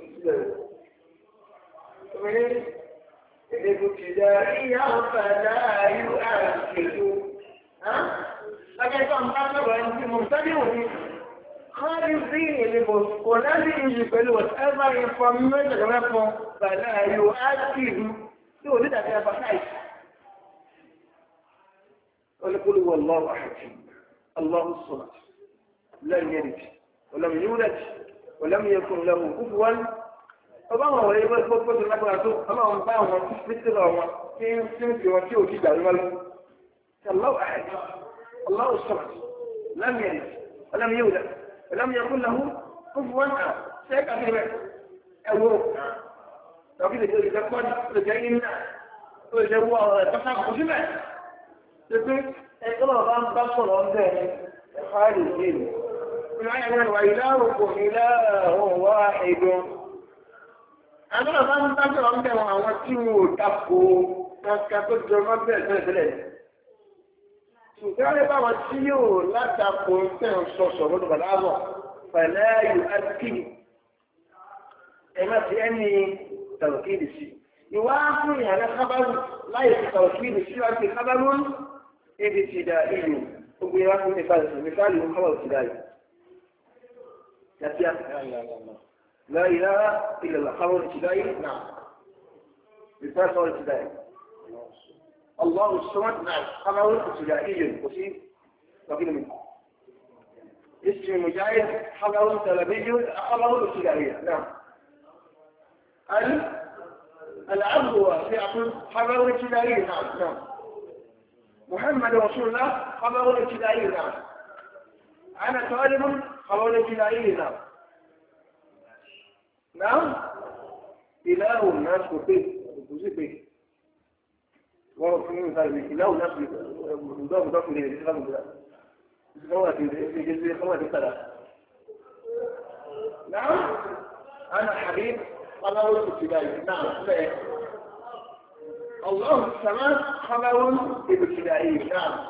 الحكم الابتدائي فلا يؤكد ها؟ فكيف أنقذ وأنت مبتدئ خالصي لبسكولاتي يجي pẹ̀lú whatever information rẹ fún pẹ̀lú ayò active tí o ní dàbí هو الله أحد الله الصلاة لم يلد ولم يولد ولم يكن له كفوا ọba àwọn ọ̀rẹ́ ìwé tó tó tó lágbára tó ọba àwọn bá àwọn mísírà wọn tí ń tí ń fi wọn tí òjì dàrú wọn lọ. Allahu ahad, Allahu samad, lam yalid, wa lam yulad, wa lam yakun lahu kufuwan ahad, sẹ́ẹ̀kà fi rẹ̀ ẹ̀wọ̀. Tọ́kí lè jẹ́ ìjẹ́ pọ́n, lè jẹ́ yín náà, ó lè jẹ́ wọ àwọn ẹ̀ tọ́sà kò síbẹ̀. Tètè ẹ̀kọ́ bá ń bá sọ̀rọ̀ ọ̀dẹ̀ ẹ̀fáàlì yìí. Ìlànà ìwà ìlà òkò ìlà òwò àìdùn. àbúrò bá ń dájọ́ ọ̀hún bẹ̀rù àwọn tí wọn ò dàpọ̀ kankan tó jọ mọ́ bẹ́ẹ̀ náà sílẹ̀. ṣùgbọ́n nípa àwọn tí yóò látàpọ̀ bẹ́ẹ̀ sọ̀sọ̀ lọ́dún bàbá àbọ̀ pẹ̀lẹ́ yóò á kí ẹ má ti ẹni tàwọ̀kìlì sí. ìwà fún ìyàrá kábàrù láì fi tàwọ̀kìlì sí láti kábàrù ibi ti dà ìlú gbogbo ìwà fún ìfàlùsọ̀ ìfàlùsọ̀ kábàrù ti dà ìlú. لا إله إلا الله خبر ابتدائي نعم مثال خبر ابتدائي الله الصمد نعم خبر ابتدائي وفي قبيل منه اسم مجاهد خبر تلبي خبر ابتدائي نعم ال العبد واسعة خبر ابتدائي نعم نعم محمد رسول الله خبر ابتدائي نعم أنا طالب خبر ابتدائي نعم نعم إله الناس وفيه وفيه ورد في من إله الناس مضاف مضاف إليه ليس غير مضاف خوات جزء خوات الثلاثة نعم أنا حبيب خبر ابتدائي نعم إيه. الله السماء خبر ابتدائي نعم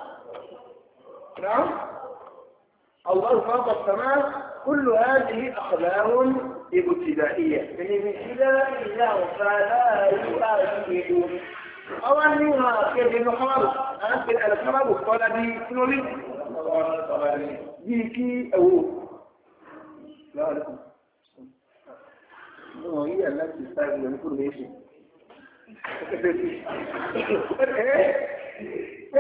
نعم الله فوق السماء كل هذه اخلاق ibùtìdáìyà. ibùtìdáìyà ọ̀fà láàrú àrùn Ọwá ní ìwọ̀n àkéde ní Kọ́mọ́bù, a ń pè ẹ̀rọ Kọ́mọ́bù kọ́lá ní Sinolí. Bí kí ẹ̀wò láàrín. Wọ́n yí àláti sáré lọ ní kúrò méjì.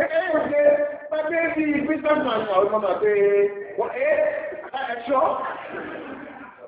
Ẹ̀ẹ́ pàdé sí ìgbésọ̀nà àwọn ọmọ màá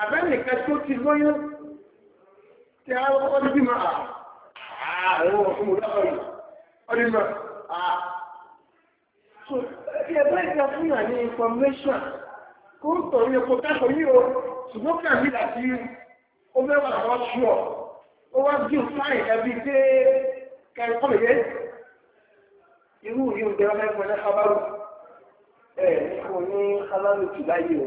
àbẹ́nìkan tó ti lóyún tí a wọ́pọ̀ ní bímọ àwọn ọmọdé ọdún mọ́ so ẹgbẹ́ ìta fún yà ní information kó ń tọ̀ ní o ṣùgbọ́n kàmí láti ó mẹ́wàá lọ́wọ́ wá bí o fáyìn ẹbí pé kẹ́kọ̀ọ́ lè yẹ irú yìí ń bẹ̀rẹ̀ mẹ́fọ́ ní ẹ̀ ní kò ní kábàrù jù láyé o.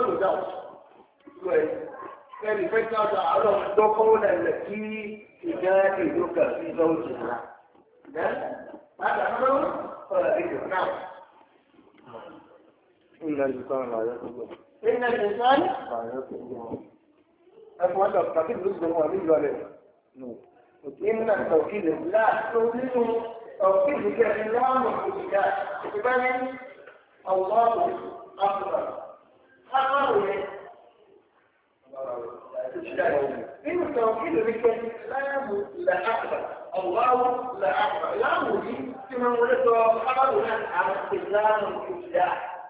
no doubt. Right. كان يفتح تعالى الدخول التي تجادلك في زوجها. هذا أمر فائدة. نعم. إن الإنسان لا يخلق. إن الإنسان لا يخلق. أبو هذا التوكيد ضد المؤمن ولا إن التوكيد لا توكيد توكيد كلام الإله. إذا الله أكبر. قرروا ايه إن التوحيد بالكلمة لا لا أحد الله لا أحد لا مدين كما ولد وحضر هنا على استخدام الإبداع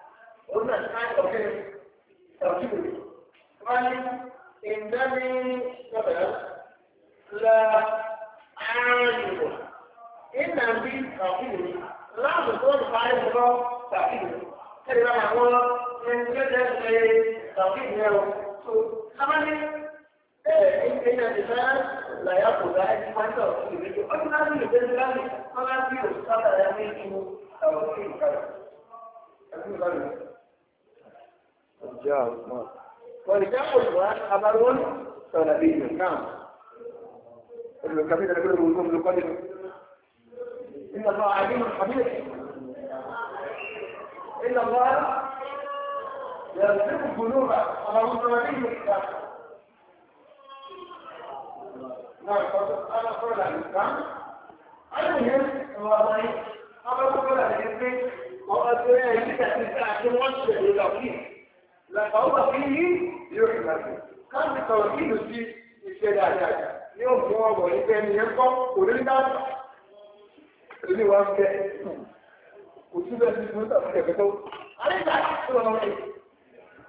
قلنا الآن توحيد توحيد قال إنني مثلا لا عالم إن عندي توحيد لا مصدر فاعل توحيد كلمة معمولة من جدل تقيمه خمسة إن الإنسان لا يقول لا يسمع توحيد يقول ما في جدل ما في يصاب لا يمكن توحيد رجاء عثمان ورجاء عثمان خبر سلبي نعم ابن كثير يغلب القلوب على مطلبين الإسلام نعم أنا أقول عن الإسلام المهم والله أنا أقول عن الإسلام وأدري أن تتعلم وجه التوحيد لقول فيه يحمد كان التوحيد في الشهادات يوم هو ولكن يبقى ولنا اللي وافق وتبقى في المنطقة كده عليك تحصل على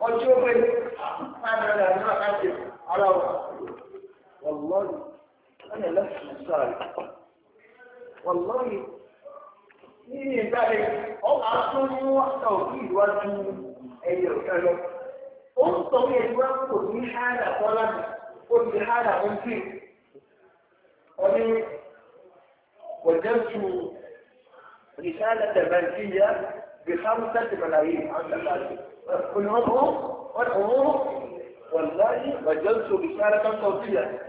ọjọ́ pé five hundred and one thirty ara wa wàlọ́ọ̀lì wọ́n yẹ lẹ́sìn sáré wàlọ́ọ̀lì nínú ìgbàlẹ̀ ọ̀gá tó ń mú àtàwọn ìwádìí ẹ̀yẹ ọ̀gá lọ. ó ń sọ pé ẹ̀dùn wọn kò ní hàdà kọ́lá ó ti hàdà ń ọ ní wọ̀jẹ́tù rìsálẹ̀ tẹ̀mẹ̀tì yẹ bí hamsa tẹ̀mẹ̀láyé قل ادعوا ادعوا والله مجلت رسالة صوتية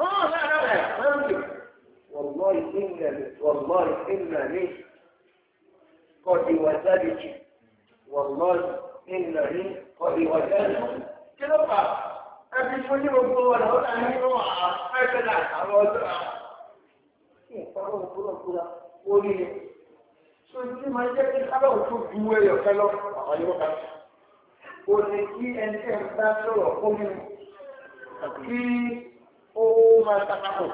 اه لا لا لا ما والله إنا والله إنا ليه قد وزلت والله إنا ليه قد وزلت كده بقى أبي شوني مقول هو أمين وعا هكذا أنا وزلت إيه فهو كده كده قولي tó ní máa jẹ́ kí sábàá tó ju ẹyọ fẹ́ lọ àwọn yóò ká o lè kí ẹni tẹ́ ń bá sọ̀rọ̀ omi kí ó máa takapọ̀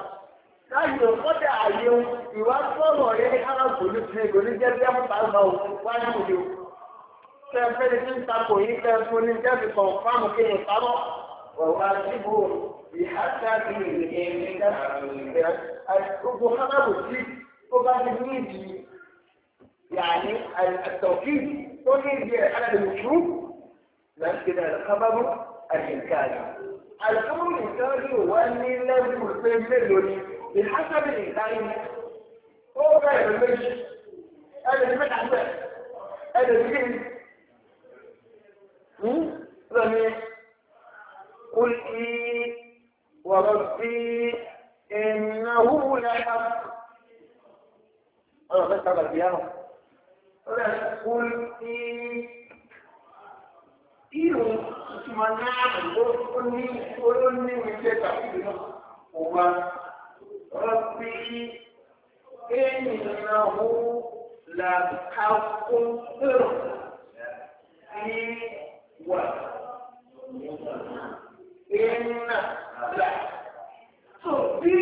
láyé ọ̀pọ̀dà àyè ìwà sọ̀rọ̀ rẹ̀ arábò ní ti ègò ní jẹ́ bí ẹ̀mú pàápàá o wá ní òde o tẹ́ fẹ́ ní tí ń takò yìí tẹ́ fún ní tí ó bá ti ní ìdí يعني التوكيد توكيد هي عدد المشروب لأن كده الخبر الإنكاري الخبر الإنكاري هو أن لازم يكون الفيلم بحسب الإنكاري هو غير المشي هذا اللي مش انا هذا اللي رمي قل إيه وربي إنه لحق أنا بس أقل بيانه قل irun ìtumọ̀ náà ó ní olóní ìṣe tàbí náà kò wá rọ́bí ènìyàn ó làkàkún ẹ̀rọ ní wà ẹ̀nà là. tó bí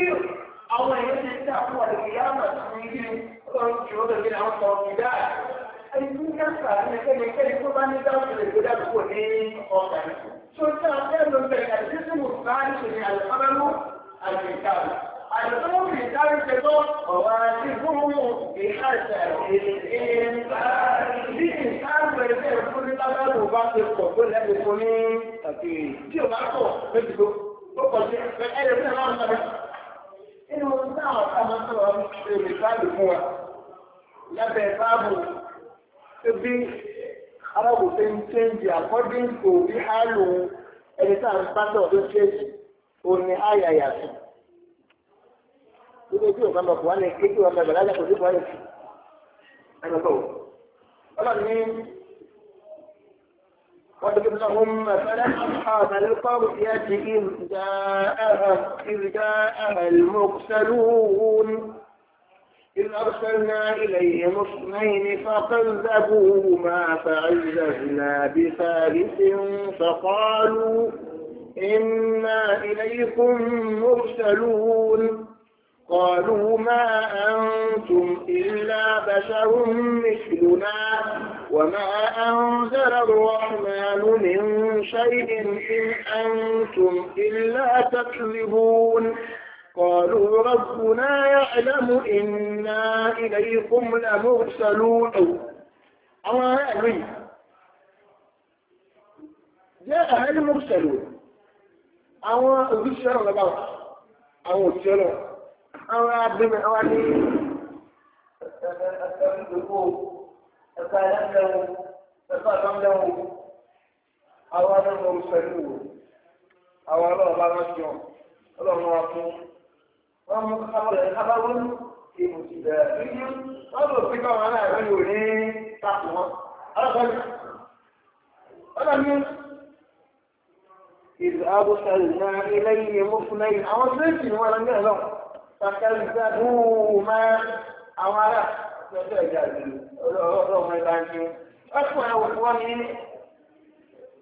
àwọn èèyàn ti dàpọ̀ àdìgbìyàmọ̀ sí ilé ọjọ́ ìjọba ìgbìyànjú ọ̀gbìn ẹni tí ń kẹ́sà ní ẹnikẹ́ni tó bá ní dáhùn lè gbé dàgbò ní ọkà rẹ̀. tó ń tẹ́ ọ̀fẹ́ ló bẹ̀rẹ̀ àti tí mo bá ń ṣe ní àlùfáàmù àgbèkà rẹ̀. àlùfáàmù fi dárí ṣe tó ọ̀wá sí gbóhùn ìhàṣà ìhìnbá bí ìhàṣà ẹgbẹ́ ìfúnni lábẹ́rù bá ti pọ̀ tó lẹ́nu fún ní tàbí tí ò bá pọ̀ méjì tó ó pọ̀ sí ẹ̀ẹ́dẹ̀ẹ́dẹ́ lábẹ́ báàbù bí arábùsẹ̀ ń change according to bí hálù ẹni tá à ń pátọ̀ ló change òní àyà yàtọ̀. Gbogbo ojú ìgbà mọ̀kù wá ní kéjì wọn bẹ̀rẹ̀ lájà kò sí bọ́ọ̀lù sí. Ẹnu tó. Ọlọ́run ní wọ́n ti gbé ọ̀hún mẹ́fẹ́rẹ́ àbẹ̀lẹ́ kọ́ọ̀rù yẹ́ ti ìrìjà ẹ̀hẹ̀ ìrìjà ẹ̀hẹ̀ lókùsẹ́lú إذ أرسلنا إليهم اثنين فكذبوهما فعززنا بثالث فقالوا إنا إليكم مرسلون قالوا ما أنتم إلا بشر مثلنا وما أنزل الرحمن من شيء إن أنتم إلا تكذبون قالوا ربنا يعلم إنا إليكم لمرسلون أما يعلم جاء أهل المرسلون أما أغشر لبعض أما أغشر أما أبدم أولي أستمدكم أسالم له أسالم له أولا المرسلون أولا الله رسول الله رسول وهم خبر في مجدائهم قالوا فيكم أنا أقول لي تقوى أقول أنا من إذ أرسلنا إليهم اثنين أو اثنين ولم يهلوا فكذبوهما أو على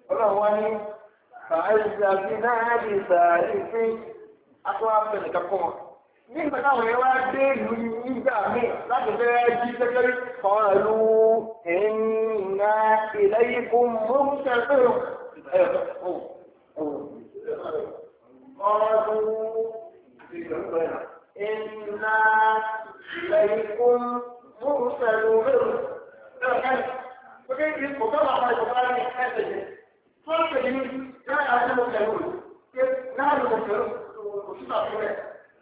Ọlọ́run wá ní, fàáìsì àti náà ní ìsàárí fún akọ́wàpẹ̀lẹ̀ kakọ́ wọn nígbà táwọn ẹwà dé ìlú nígbà míì láti fẹ́ jí sẹ́kẹ́rì kọlu ẹ̀ńnà ilẹ̀ ikú mọ́múṣẹ́ fẹ́ràn kọlu ẹ̀ńnà ilẹ̀ ikú mọ́múṣẹ́ fẹ́ràn. Porque isso, porque ela vai jogar em essa gente. Só que ele, já é a gente não quer hoje. Porque nada não quer hoje, o que está por aí.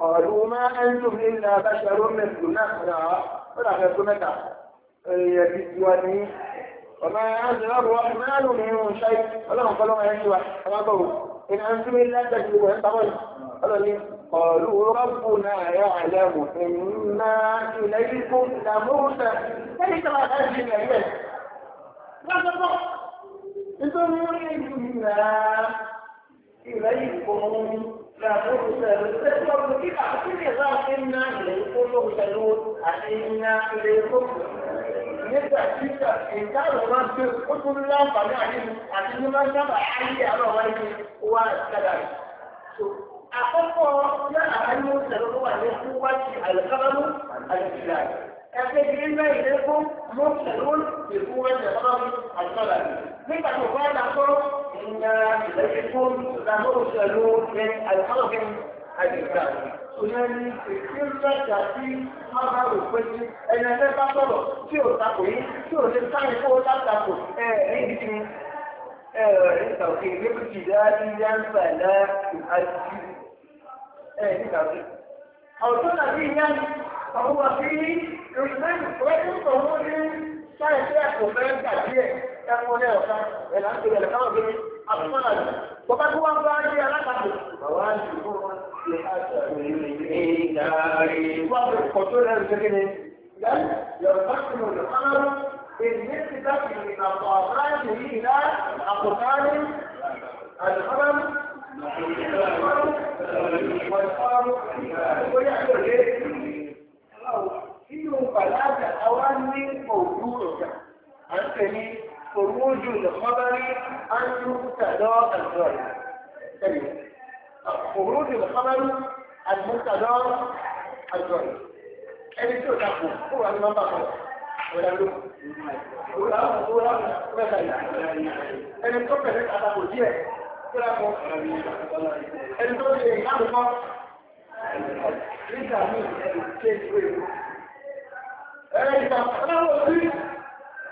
قالوا ما أنتم إلا بشر مثلنا لا ولا غيركم يكذبوني وما أنزل الرحمن من شيء ولا هم قالوا ما يشوى إن أنتم إلا تكذبون طبعا قالوا ربنا يعلم إنا إليكم لموسى ليس ما أنزل إليه لا تبقى إنتم إليكم فمرسل كيف كل غاف إنا إليكم مرسلون أئنا إليكم nígbà tí ìdáhùn máa ń tó ó tún láǹfààní àdínú àti ní máa ń sábà ayé àwọn ọmọ ẹni wá ìkádà rẹ̀. àkọ́kọ́ náà àánú ìṣẹ̀lẹ̀ tó wà ní fún wájú àlùkábámú àlùkìlà ẹgbẹ́ ìdílé náà ìdílé fún mọ́tò ìṣẹ̀lẹ̀ ìfún wájú àlùkábámú àlùkìlà nígbà tó bá dà sọ́rọ́ إنا إليكم لمرسلون من الحرم الإسلامي Òyẹ́ni ìpínlẹ̀ tàbí máa rò pé ẹni ẹgbẹ́ bá sọ̀rọ̀ tí ò takò yìí tí ò lè sáré kó látàkò ẹ̀ níbi tí ẹ̀rẹ̀ ìtàkì lébù ti dá ilé ń fà náà àti ẹ̀ nítàkì. Ọ̀tún tàbí ìyá ni àwọn wà sí ìrìnlẹ́yìn pẹ̀lú ìtọ̀wọ́ ní sáyẹ̀sì ẹ̀kọ́ fẹ́ gbà díẹ̀ ẹ̀kọ́ náà ọ̀tá ẹ̀ láti bẹ̀rẹ̀ káwọn الصمد وقد هو الراجع لقد فوالد وقتل الجنين لن يرتقم القمر بالنسبة من أطرافه إلى أقطار القمر والقمر ويحصل فيه ثلاثة أواني موجودة أنتني خروج الخبر أن مقتضى الجار خروج الخبر عن مقتضى الجار ẹni tí ó dàpọ̀ kó wà ní mọ́bà kan ọ̀dà ló ọ̀dà ọ̀dà mẹ́ta yìí ẹni tó pẹ̀lẹ́ àtàkùn díẹ̀ tó dàpọ̀ ẹni tó ṣe ìhàmùkọ́ nígbà míì ẹni tó ṣe ìwé ẹni tó ṣe ìwé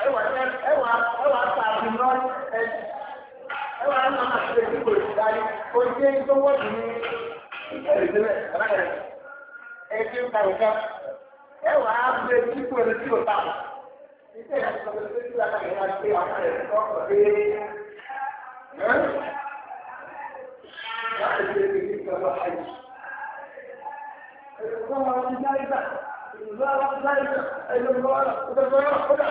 ẹwà ẹwà ẹwà tààbí lọ ẹwà ẹwà máa ṣe ìdíkò ìdáyé ó jẹ́ tó wọ́ọ̀dù ní ìdílé ẹ̀rẹ́ ẹ̀jẹ̀ ń kàwé ká ẹwà á gbé ìdíkò ẹ̀rẹ́ tí ó ta mọ̀ ìdílé ẹ̀rẹ́ tó ń gbé ìdílé ẹ̀rẹ́ máa gbé àwọn ẹ̀rẹ́ tó ń gbé láti ṣe ìdíkò ẹ̀rọ ayé. Ìgbà wọn ti dárígbà, ìgbà wọn ti dárígbà, ẹ̀yọ́ ìgbà wọn, ó dẹ̀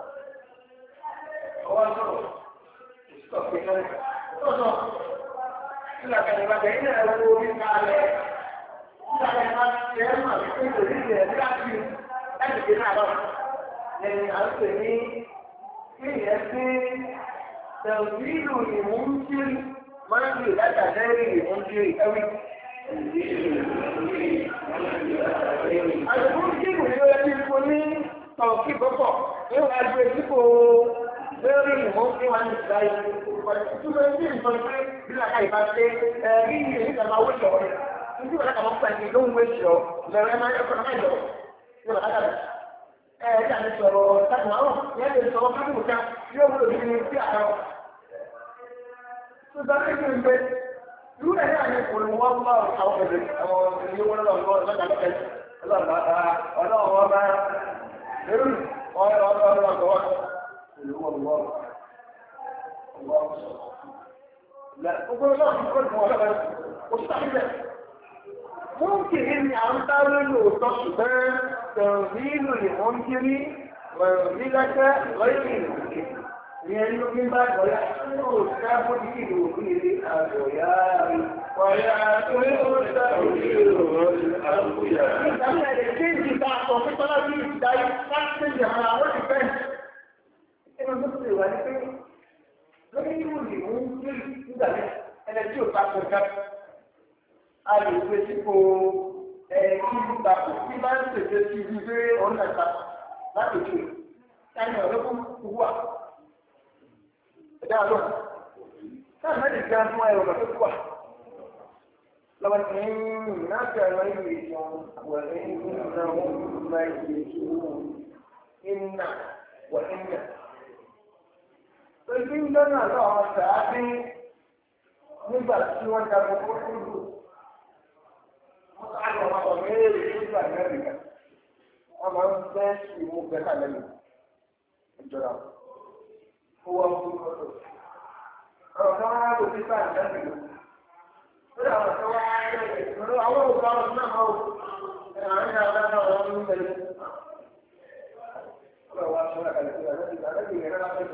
ọwọ́ sọ̀rọ̀ ìsúkọ̀ pé kálẹ̀ tọ̀tọ̀ nígbà kẹlẹ̀ bá tẹ̀yìn náà wọ́n orí kálẹ̀ nígbà kẹlẹ̀ bá tẹ̀ ẹ́ mà pé kò ní ìrẹ̀ nígbà tí láti gbé náà lọ ẹ̀yìn à ń pè ní kí ìyẹn sí tẹ̀síìlù ìmúńtìrì máa ń lò látàdẹ́rì ìmúńtìrì ẹ̀wí. Àdùkú jíìmù ni ó yẹ kí n fún ní lórí ìmọ̀ tí wọ́n ń gba ìtumọ̀ tí ń sọ pé bí làkà ìbá ṣe rí ní èyí kàmá owó ìṣọ̀ rẹ̀ nítorí wọn kàmá fún ẹni lóhun owó ìṣọ̀ lọ́rẹ́ máa ń ẹ̀kọ́ náà yọ̀ ní bàtà rẹ̀. ẹ ẹ jà ní sọ̀rọ̀ sàtìmọ̀ àwọn ìyẹn lè sọ̀rọ̀ kábíyèmí kan yóò wúlò bí ní sí àná. ṣùgbọ́n kí ni pé irú ẹ̀ náà ni olùwọ́ bá àwọn ọ̀rẹ́ àwọn ìlú wọn lọ́wọ́ lọ́jà lọ́kẹ́ اللي هو الله الله لا هو لا يكون ولا مستحيل ممكن اني امطر له تصبان تنزيل لمنكري وينزلك غير المنكر لأنه من بعد ويحصل الساف الجيل في الأغيار ويعتبر التأويل والأغيار. أما الكنز بتاع صوفي طلب يبدأ يحصل جهاوات البنك nínú tó ti wà ní pé lórí yóò lè mú lórí nígbà tí ẹni tí ò bá tó ká a lè gbé sípò ẹni tí ń ta kò sí máa ń tètè sí ibi pé ọ̀nà ìta láti tù ẹni ọ̀rẹ́ fún ẹ̀dá àlọ́ náà mẹ́rin gan fún ẹ̀rọ lọ́dọ̀ tó wà lọ́wọ́ ní náà fi àwọn ìlú ìjọ wẹ̀rẹ̀ ìlú Pẹ̀lú lọ́nà náà sàádé nígbà tí wọ́n jagun ó dúró. Wọ́n ká máa wọ̀ méèrè nígbà mẹ́rìnlá. Wọ́n máa ń fẹ́ ìwò bẹ́tà lẹ́nu. Ìjọba ó wá fún lọ́dọ̀. Ọ̀rọ̀ kan wá lò nígbà mẹ́rìnlá. Ó dà wọ́n tó wá rẹ̀ ìṣòro àwọn òkú àwọn náà máa wò. Ẹ̀rọ ní àwọn náà wọ́n ń bẹ̀rẹ̀. Ọ̀rọ̀ wa sọ̀rọ̀ àgbàlagbà lọ́dún ìgbà lọ́dún ìgbà lọ́dún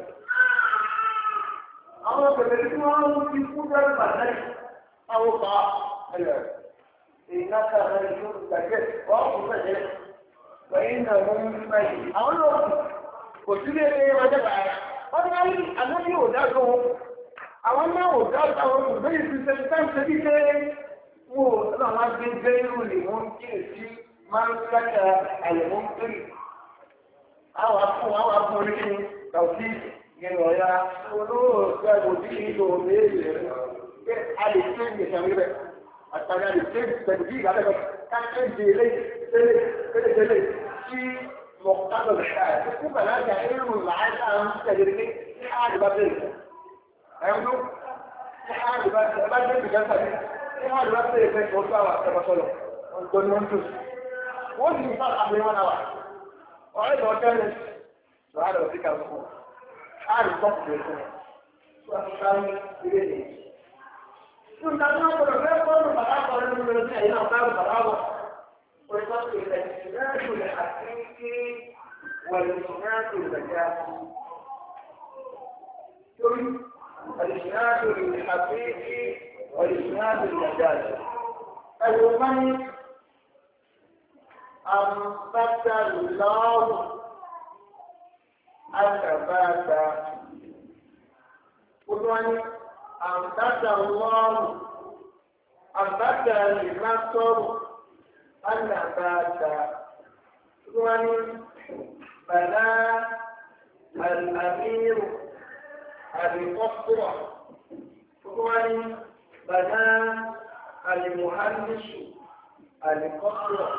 àwọn bẹ̀rẹ̀ tí wọ́n ń fi kú bẹ́ẹ̀ bàtẹ́ àwọn bá ẹ̀rẹ̀ ìyá kàrà ìlú gbàgbé ọ̀hún bẹ̀rẹ̀ lẹ́yìn náà wọ́n ń bá yìí. àwọn náà kò sí lé ní ọjọ́ bàárà wọ́n ti ráyè ànábì ò dájọ́ wọn àwọn náà ò dájọ́ àwọn olùgbé yìí ti ṣe tán ṣe bí pé wọ́n náà wá gbé gbé irú lè wọ́n kí èsì máa ń kájà àyẹ̀wò ń pè nínú ọ̀yá olóòótọ́ ìbòjú ìlú méèlè pé a lè ṣe ń gbèsè àwọn ibẹ̀ àtàrí a lè ṣe ń pẹ̀lú bí ìgbà lẹ́kọ̀ọ́ ká ṣe ń délé délé délé délé sí mọ̀kútàbọ̀ bẹ̀rẹ̀ àti kú bẹ̀rẹ̀ àti àìrù làáṣà ń tẹ̀lé ní àdìbá bẹ̀rẹ̀ ẹ̀rú ní àdìbá bẹ̀rẹ̀ bẹ̀rẹ̀ bẹ̀rẹ̀ sàbí ní àdìbá bẹ̀rẹ̀ bẹ̀rẹ̀ tó àwọn àtẹ̀bọ̀sọ̀lọ̀ ọ̀gbọ̀n wọn tó wọ́n sì ń fà àbẹ̀wọ̀n náà wà ọ̀rẹ́ ìdọ̀kẹ́rin sọ̀rọ̀ àdọ̀ sí kàlùkù àrùn bọ́ọ̀lù rẹ̀ fún àtúntàwí ilé rẹ̀. Fún ìdájọ́ náà kọ̀ọ̀rọ̀ fẹ́ bọ́ọ̀lù bàbá kan nínú rẹ̀ ní ẹ̀yìn náà báyìí bàbá wọ̀. والفصل الاستدلال الحقيقي والإشهاد المجازي ثم الإشهاد الحقيقي والإشهاد المجازي المغني أنبت الله àtàbàtà olùwani àbàtà wọ́ọ̀rù àbàtà ìmásọ́rù àtàbàtà olùwani bàlá àbírù àbíkọ́sùrọ̀ olùwani bàlá àlìmùhánnísù àbíkọ́sùrọ̀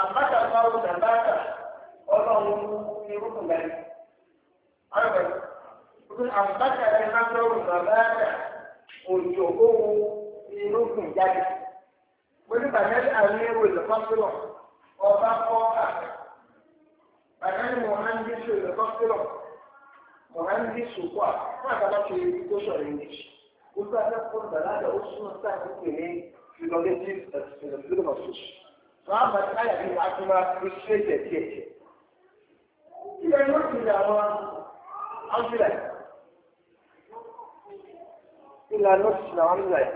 àbàtà báwo tàbàtà ọlọ́run. في ركن بعيد أيضا يقول أنبت الحجر نباتا أنشؤه في ركن جديد wọ́n bàtẹ́lì àlẹ́wò ìlẹ̀kọ́sílọ̀ ọba kọ́ọ̀kà bàtẹ́lì mọ̀hándísù ìlẹ̀kọ́sílọ̀ mọ̀hándísù kọ́ à fún àgbàdo tó yẹ kó sọ̀rọ̀ english gbogbo akẹ́kọ̀ọ́ gbàládà ó súnmọ́ sáà tó pè ní philology and philology wọ́n á bàtẹ́ àyàfi àtúmọ̀ appreciate ẹ̀ díẹ̀ díẹ̀ ilẹ̀ yóò ti lè àwọn áńsílẹ̀ ilẹ̀ yóò ti lè àwọn áńsílẹ̀.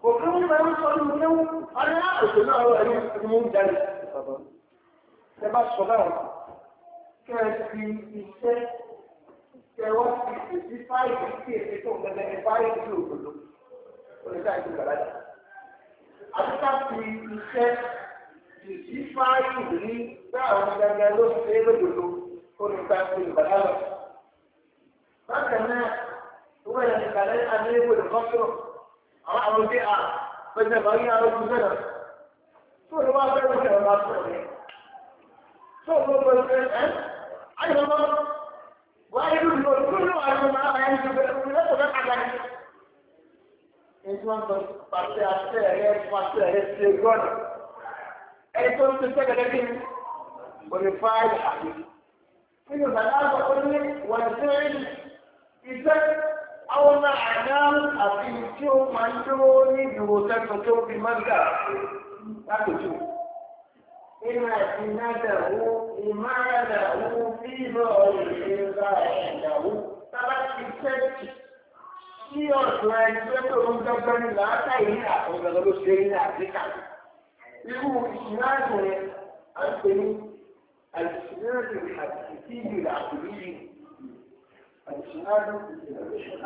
kò kí wọ́n máa ń sọ ní ilé wọn ọ̀rẹ́ àṣẹ náà wà ní ìmú jáde. ẹ bá sọ báwọn kí ẹ fi iṣẹ́ kẹ wọ́n fi èsì fáìlì sí èsì tó ń bẹ̀rẹ̀ ẹ fáìlì sí òdodo oníṣẹ́ àti gbàlájà. àbúkà fi iṣẹ́ èsì fáìlì ní bá àwọn gbẹngàn ló àwọn àwọn ọdẹ à pẹ̀lú ẹ̀fọ́ yín àwọn ọdún sẹ́nà tó ló máa fẹ́ ló kẹ̀rọ máa sọ̀rọ̀ yẹn tó ló bọ̀ ṣe ẹ́ ayọ̀ mọ́ wọ́n á yẹ kí ló tó ló wà ló máa bàyẹ̀ ní ìgbẹ́ lọ́sọ̀ mẹ́ta gbani. ètò wọn sọ pàṣẹ àṣẹ rẹ pàṣẹ rẹ ṣe gbọ́dọ̀ ẹni tó ń ṣe sẹ́gẹ̀dẹ́ bí òní fáìlì àbí nínú bàtà àgbà ó ní wọ́n ṣe iṣẹ́ àwọn àdá àti tí ó máa ń dúró ní ìdúró tẹ́tọ̀ tó fi máa ń gà látòjú. Ìmọ̀ ìnádàwó, ìmáràdàwó, bíbọ̀ ìlera ẹ̀dàwó, tábà ti tẹ́tì. Kí ọ̀dọ̀ ẹni tó tó ń dọ́gbọ́n ní làákà yìí àkọsọ̀rọ̀ ló ṣe ní Àfíríkà. Irú ìṣúná yẹn, à ń pè ní àìsílẹ̀ àti ìdíjì àkùrí yìí. السؤال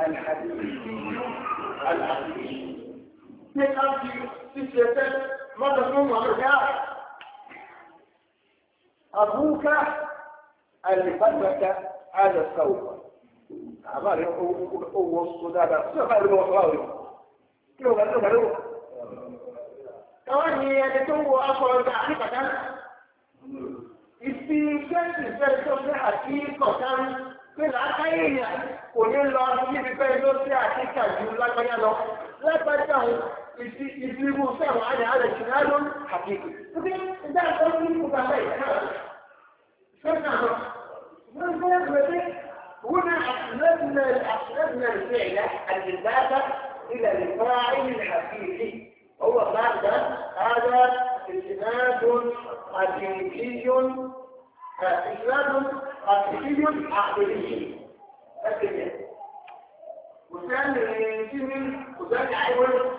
الحديث العقلي من أجل ستة ماذا ثم رجع أبوك الفتى على الثوب عمال يقوص هذا صفة المصراوي كيف قالوا قالوا كمان هي تتوه أصلا تعريفة كان استيقاظ الزرقاء حقيقة كان pé làákàyè èèyàn kò ní lọ níbi pé ló ṣe àkíkà ju lágbáyà lọ lágbájá òun ìdí ìdí irú sẹ́wọ̀n àyà rẹ̀ jù lálọ́ àkíkù. Ṣé ìdá ìtọ́ sí ikú bàbá ìkà sọ́kà lọ? Wọ́n gbé ẹgbẹ́ هنا أسندنا أسندنا الفعل الإنبات إلى الفاعل الحقيقي هو بعد هذا إسناد حقيقي إجمال قطعي عقلي بس كده وسام جيمي وزاد عيون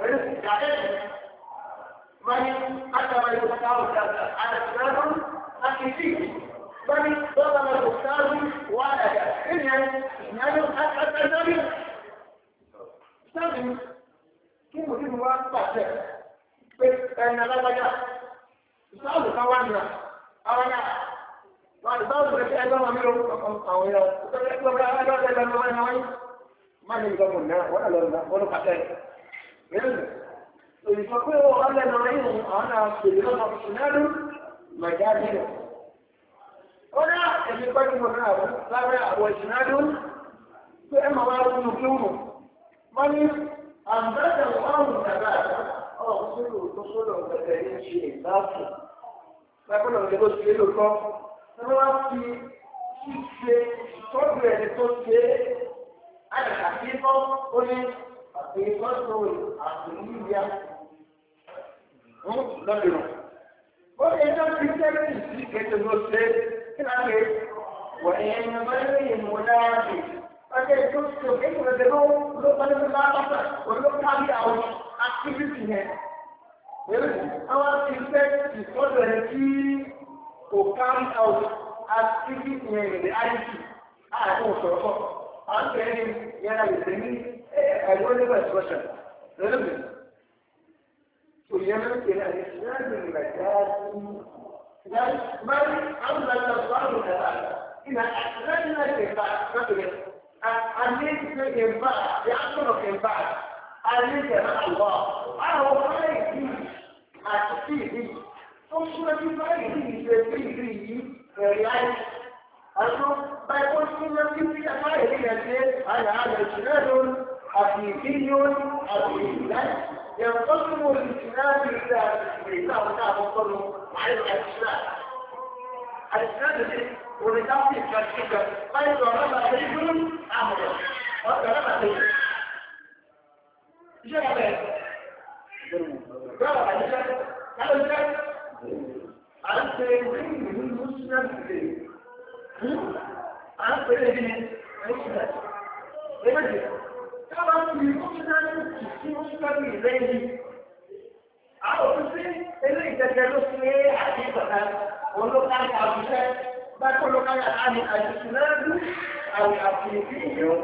رزق تعالى من حتى ما يتعاوز على كلامهم أكيد من ضرب المختار وعلى إذن إنه قد أتذبر استخدم كيف يمكن هو تحسن بس أن لا بد يستعوذ قوانا أو أنا ويفكروا أن نعيهم أنا في لغة سنان مجازنا هنا اللي بني مرناه سابع وسنان فإما الله نكيونه من أنبت الله نباتا أو أصله تصله بكريم شيء باطل فأقول لهم لبس في لكم rántí ṣíṣe ìtọ́jú ẹni tó ṣe é àdàkàtì mọ́ ó ní àpèkọ́sọ àpèníyà lọ́dún. ó ní ẹjọ́ ti tẹ́lẹ̀ sí kẹ́tẹ́ ló ṣe kí náà lè wọ̀ ẹ̀yìn ọmọ ilé ìmọ̀ dáadé. Ọjọ́ ìjọ ṣe òkè ìrọ̀lẹ́ ló ló bá nínú lápapọ̀ olókàbí àwọn akíbìtì yẹn. Àwọn ti fẹ́ ìtọ́jú ẹni tí to come out activities in IT. Ah, I don't know. Oh, I'm telling you, yeah, you see, eh, eh, I don't know expression. Relevant. So you know, to understand like that. That man, I'm like the one who has in an not again. And this is the impact, the action of impact. I need to have I will find this. I see this. Oṣù ẹni báyìí ní ìṣẹ̀lẹ̀ ìlú yìí ẹ̀rí ayé. Àjọ báyìí wọ́n tún lọ sí sí ẹ̀fá ìlú yẹn ṣe àyà àyà ìṣúná lórí àti ìdíyón àti ìlà. Yẹ̀wò tó tún wọ ìṣúná ní ìlú àti ìgbésà ọ̀tá àkọ́kọ́ lọ wáyé àìṣúná. Àìṣúná lè ṣe orin láti ìjọ ṣíkà báyìí lọ́rọ́ bàtà ìgbóná àmọ̀ràn. Ọ̀tọ̀ rẹ̀ bàtà ìgbóná. Iṣẹ́ bàbá ẹ̀ àpè ìlú mùsùlùmí àpè ìlú mùsùlùmí. Èdè táwa fi mùsùlùmí tì sí mùsùlùmí lẹ́yìn. Àwọn òfin ilé ìjẹ̀jẹ̀ ló fi àti ìbàdàn olókàrí àwùjẹ bákan olókàrí àmì àjùsùn náà dùn àwọn àfihàn ìyọ̀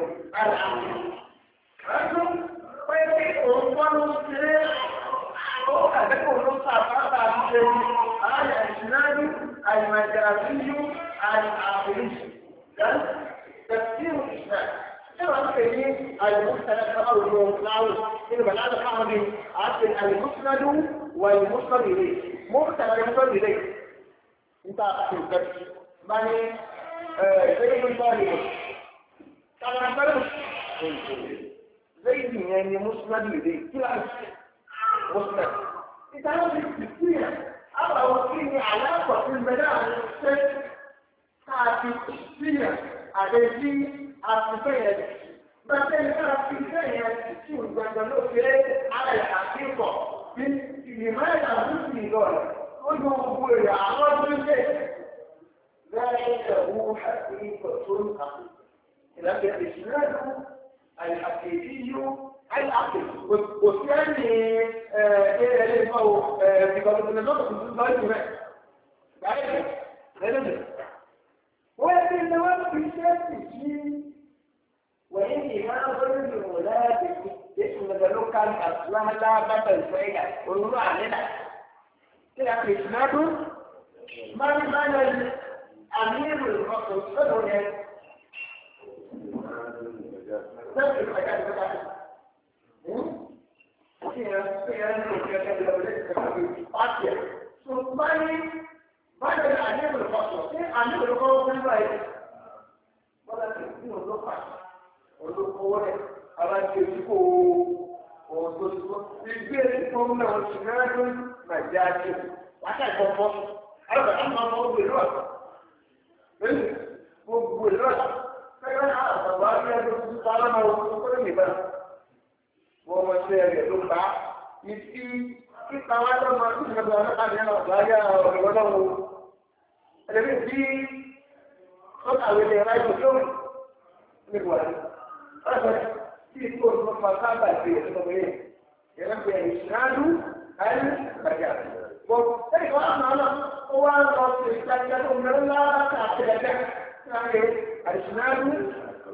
àlàáfíà. Wọ́n tún pé kí òun gbọ́dọ̀ ṣe é. وأذكر نص أفراد المسلم الإسلام المجازي العقلي تفسير الإسلام ترى الكريم المسند خبر المعروف إنما الآن الحربي عقل المسند والمسند إليه مختلف المسند إليه أنت أعطي الكريم يعني زيد الفارغ كان عبارة زيد يعني مسند إليه كلا mùsùlùmí. ìdáhùn mi ti sí yà àbàwọ̀ kí ni àlàkọ̀ tí ń bẹ láàrin ṣé káàfi sí yà àdéjì àtúnṣe yẹn. Gbàtẹ́ ní ká fi iṣẹ́ yẹn sí ìgbàgbọ́ ló fi rẹ́ ara ìyàtà bí ìgbìmọ̀ ìyàtà ń sì lọ rẹ̀. Ó yọ gbogbo èrè àwọn ọdún lé. Bẹ́ẹ̀ ni ìṣẹ̀wó àti ìkọ̀ tó ń kà. ìlànà ìṣúná ìlú àìhàkèjì yóò الأكل وكان آه، إيه اللي هو آه، في قبل النظر في الظاهر هناك بعيد غير ولكن النواب في شاف شيء وإني ما ظن ولا اسم ذلك كان أصلها لا بطل فيها ونروح علينا كده في سناده ما بمعنى الأمير المقصود فهو يعني نفس الحاجات وفيها بيان وكذا الدولة الحبيب عافية ثم بعد العليم الفصل في عليم القوة في البيت ولكن يكون اللقاء واللقاء أراد يسكو Ìgbésùn náà ṣìnáàdù Nàìjíríà wákà ìfọ̀fọ́. Àgbẹ̀ àmọ́ ọmọ ogun ìlú ọ̀sán. Gbogbo ìlú ọ̀sán. Fẹ́rẹ́ àwọn àgbà wá ní ẹgbẹ́ tuntun tó alámọ̀ ogun tó kọ́lé nìbẹ̀rẹ̀ wọ́n mọ iṣẹ́ rẹ̀ ló bá ìdí pípa wá lọ́mọ tó ṣe lọ́dọ̀ ọlọ́pàá ní ọ̀dọ̀ ayé ọ̀rọ̀ lọ́wọ́. ẹ̀lẹ́bí tí ó kàwé lè ra ìlú tó ní buhari ọ̀sẹ̀ tí ìkó tó fa sábà ìgbé ìṣẹ́ ọmọ yẹn yẹn fi ẹ̀yìn ṣáájú ayé ìgbàjà. bọ̀ ẹ̀yìn kan àmọ́ náà ó wá lọ sí ìgbàjà tó mẹ́rin lára àti ìgbàjà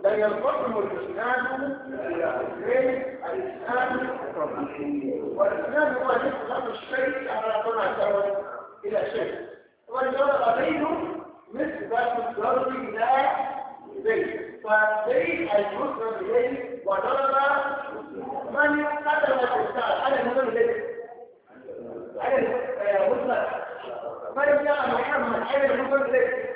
لا ينقسم الإسلام إلى اثنين الإسلام والإسلام هو يفهم الشيء على طمع إلى شيء والجواب بينه نسبة الضرب إلى بيت فبيت المسلم إليه وضرب من قدم الإنسان على المسلم إليه على المسلم من جاء محمد على المسلم إليه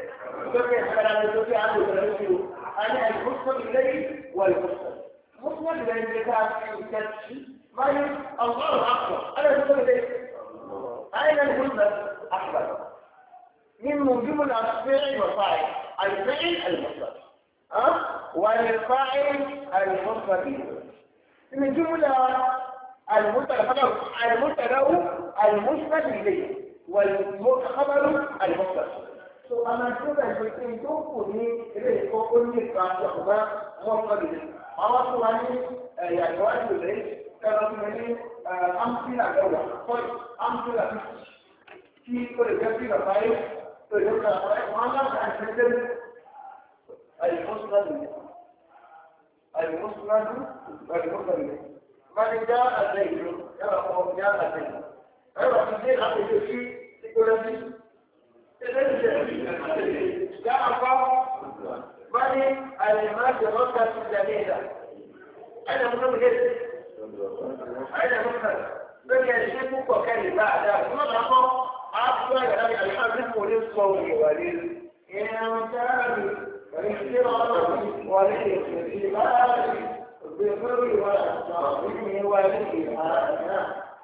سوريا حلال سوريا عبد الله أنا المسلم إليه والمسلم مسلم لأن كان في كبشي ما هي الله أكبر أنا المسلم إليه أين المسلم أحمد من موجب الفعل والفاعل الفعل المسلم أه؟ والفاعل المسلم من جملة المتلفة المتلو المسلم إليه والخبر المسلم so amadúgbà ìwé tí n tó kù ní eré ìkọ́ ó ní ìpa ọ̀gbá mọ́tọ́lì àwọn tó wà ní ẹ̀yà ìwádìí rẹ̀ kẹlọ fún mi ní amúfínà lẹ́wà sọ́ọ̀tì amúfínà kí ó lè jẹ́ sí bàbá yìí tó yẹ ká àwọn ẹ̀kọ́ alága ìfẹ́jẹ́ ní àyèmọ́sùnádù àyèmọ́sùnádù àyèmọ́sùnádù máa já àtẹ̀yìn yàrá kọ́ já àtẹ̀yìn ẹ̀rọ àti dé àtẹ̀yìn sí ìgbọ́dọ̀ تعرف بني المجرة الجميلة أنا مجرد أنا مجرد بني الشيخ وكان بعد مرحبا أفضل أن الحرف للصوم وللإنسان والاحترام والاختبار ببر والتعظيم والإيمان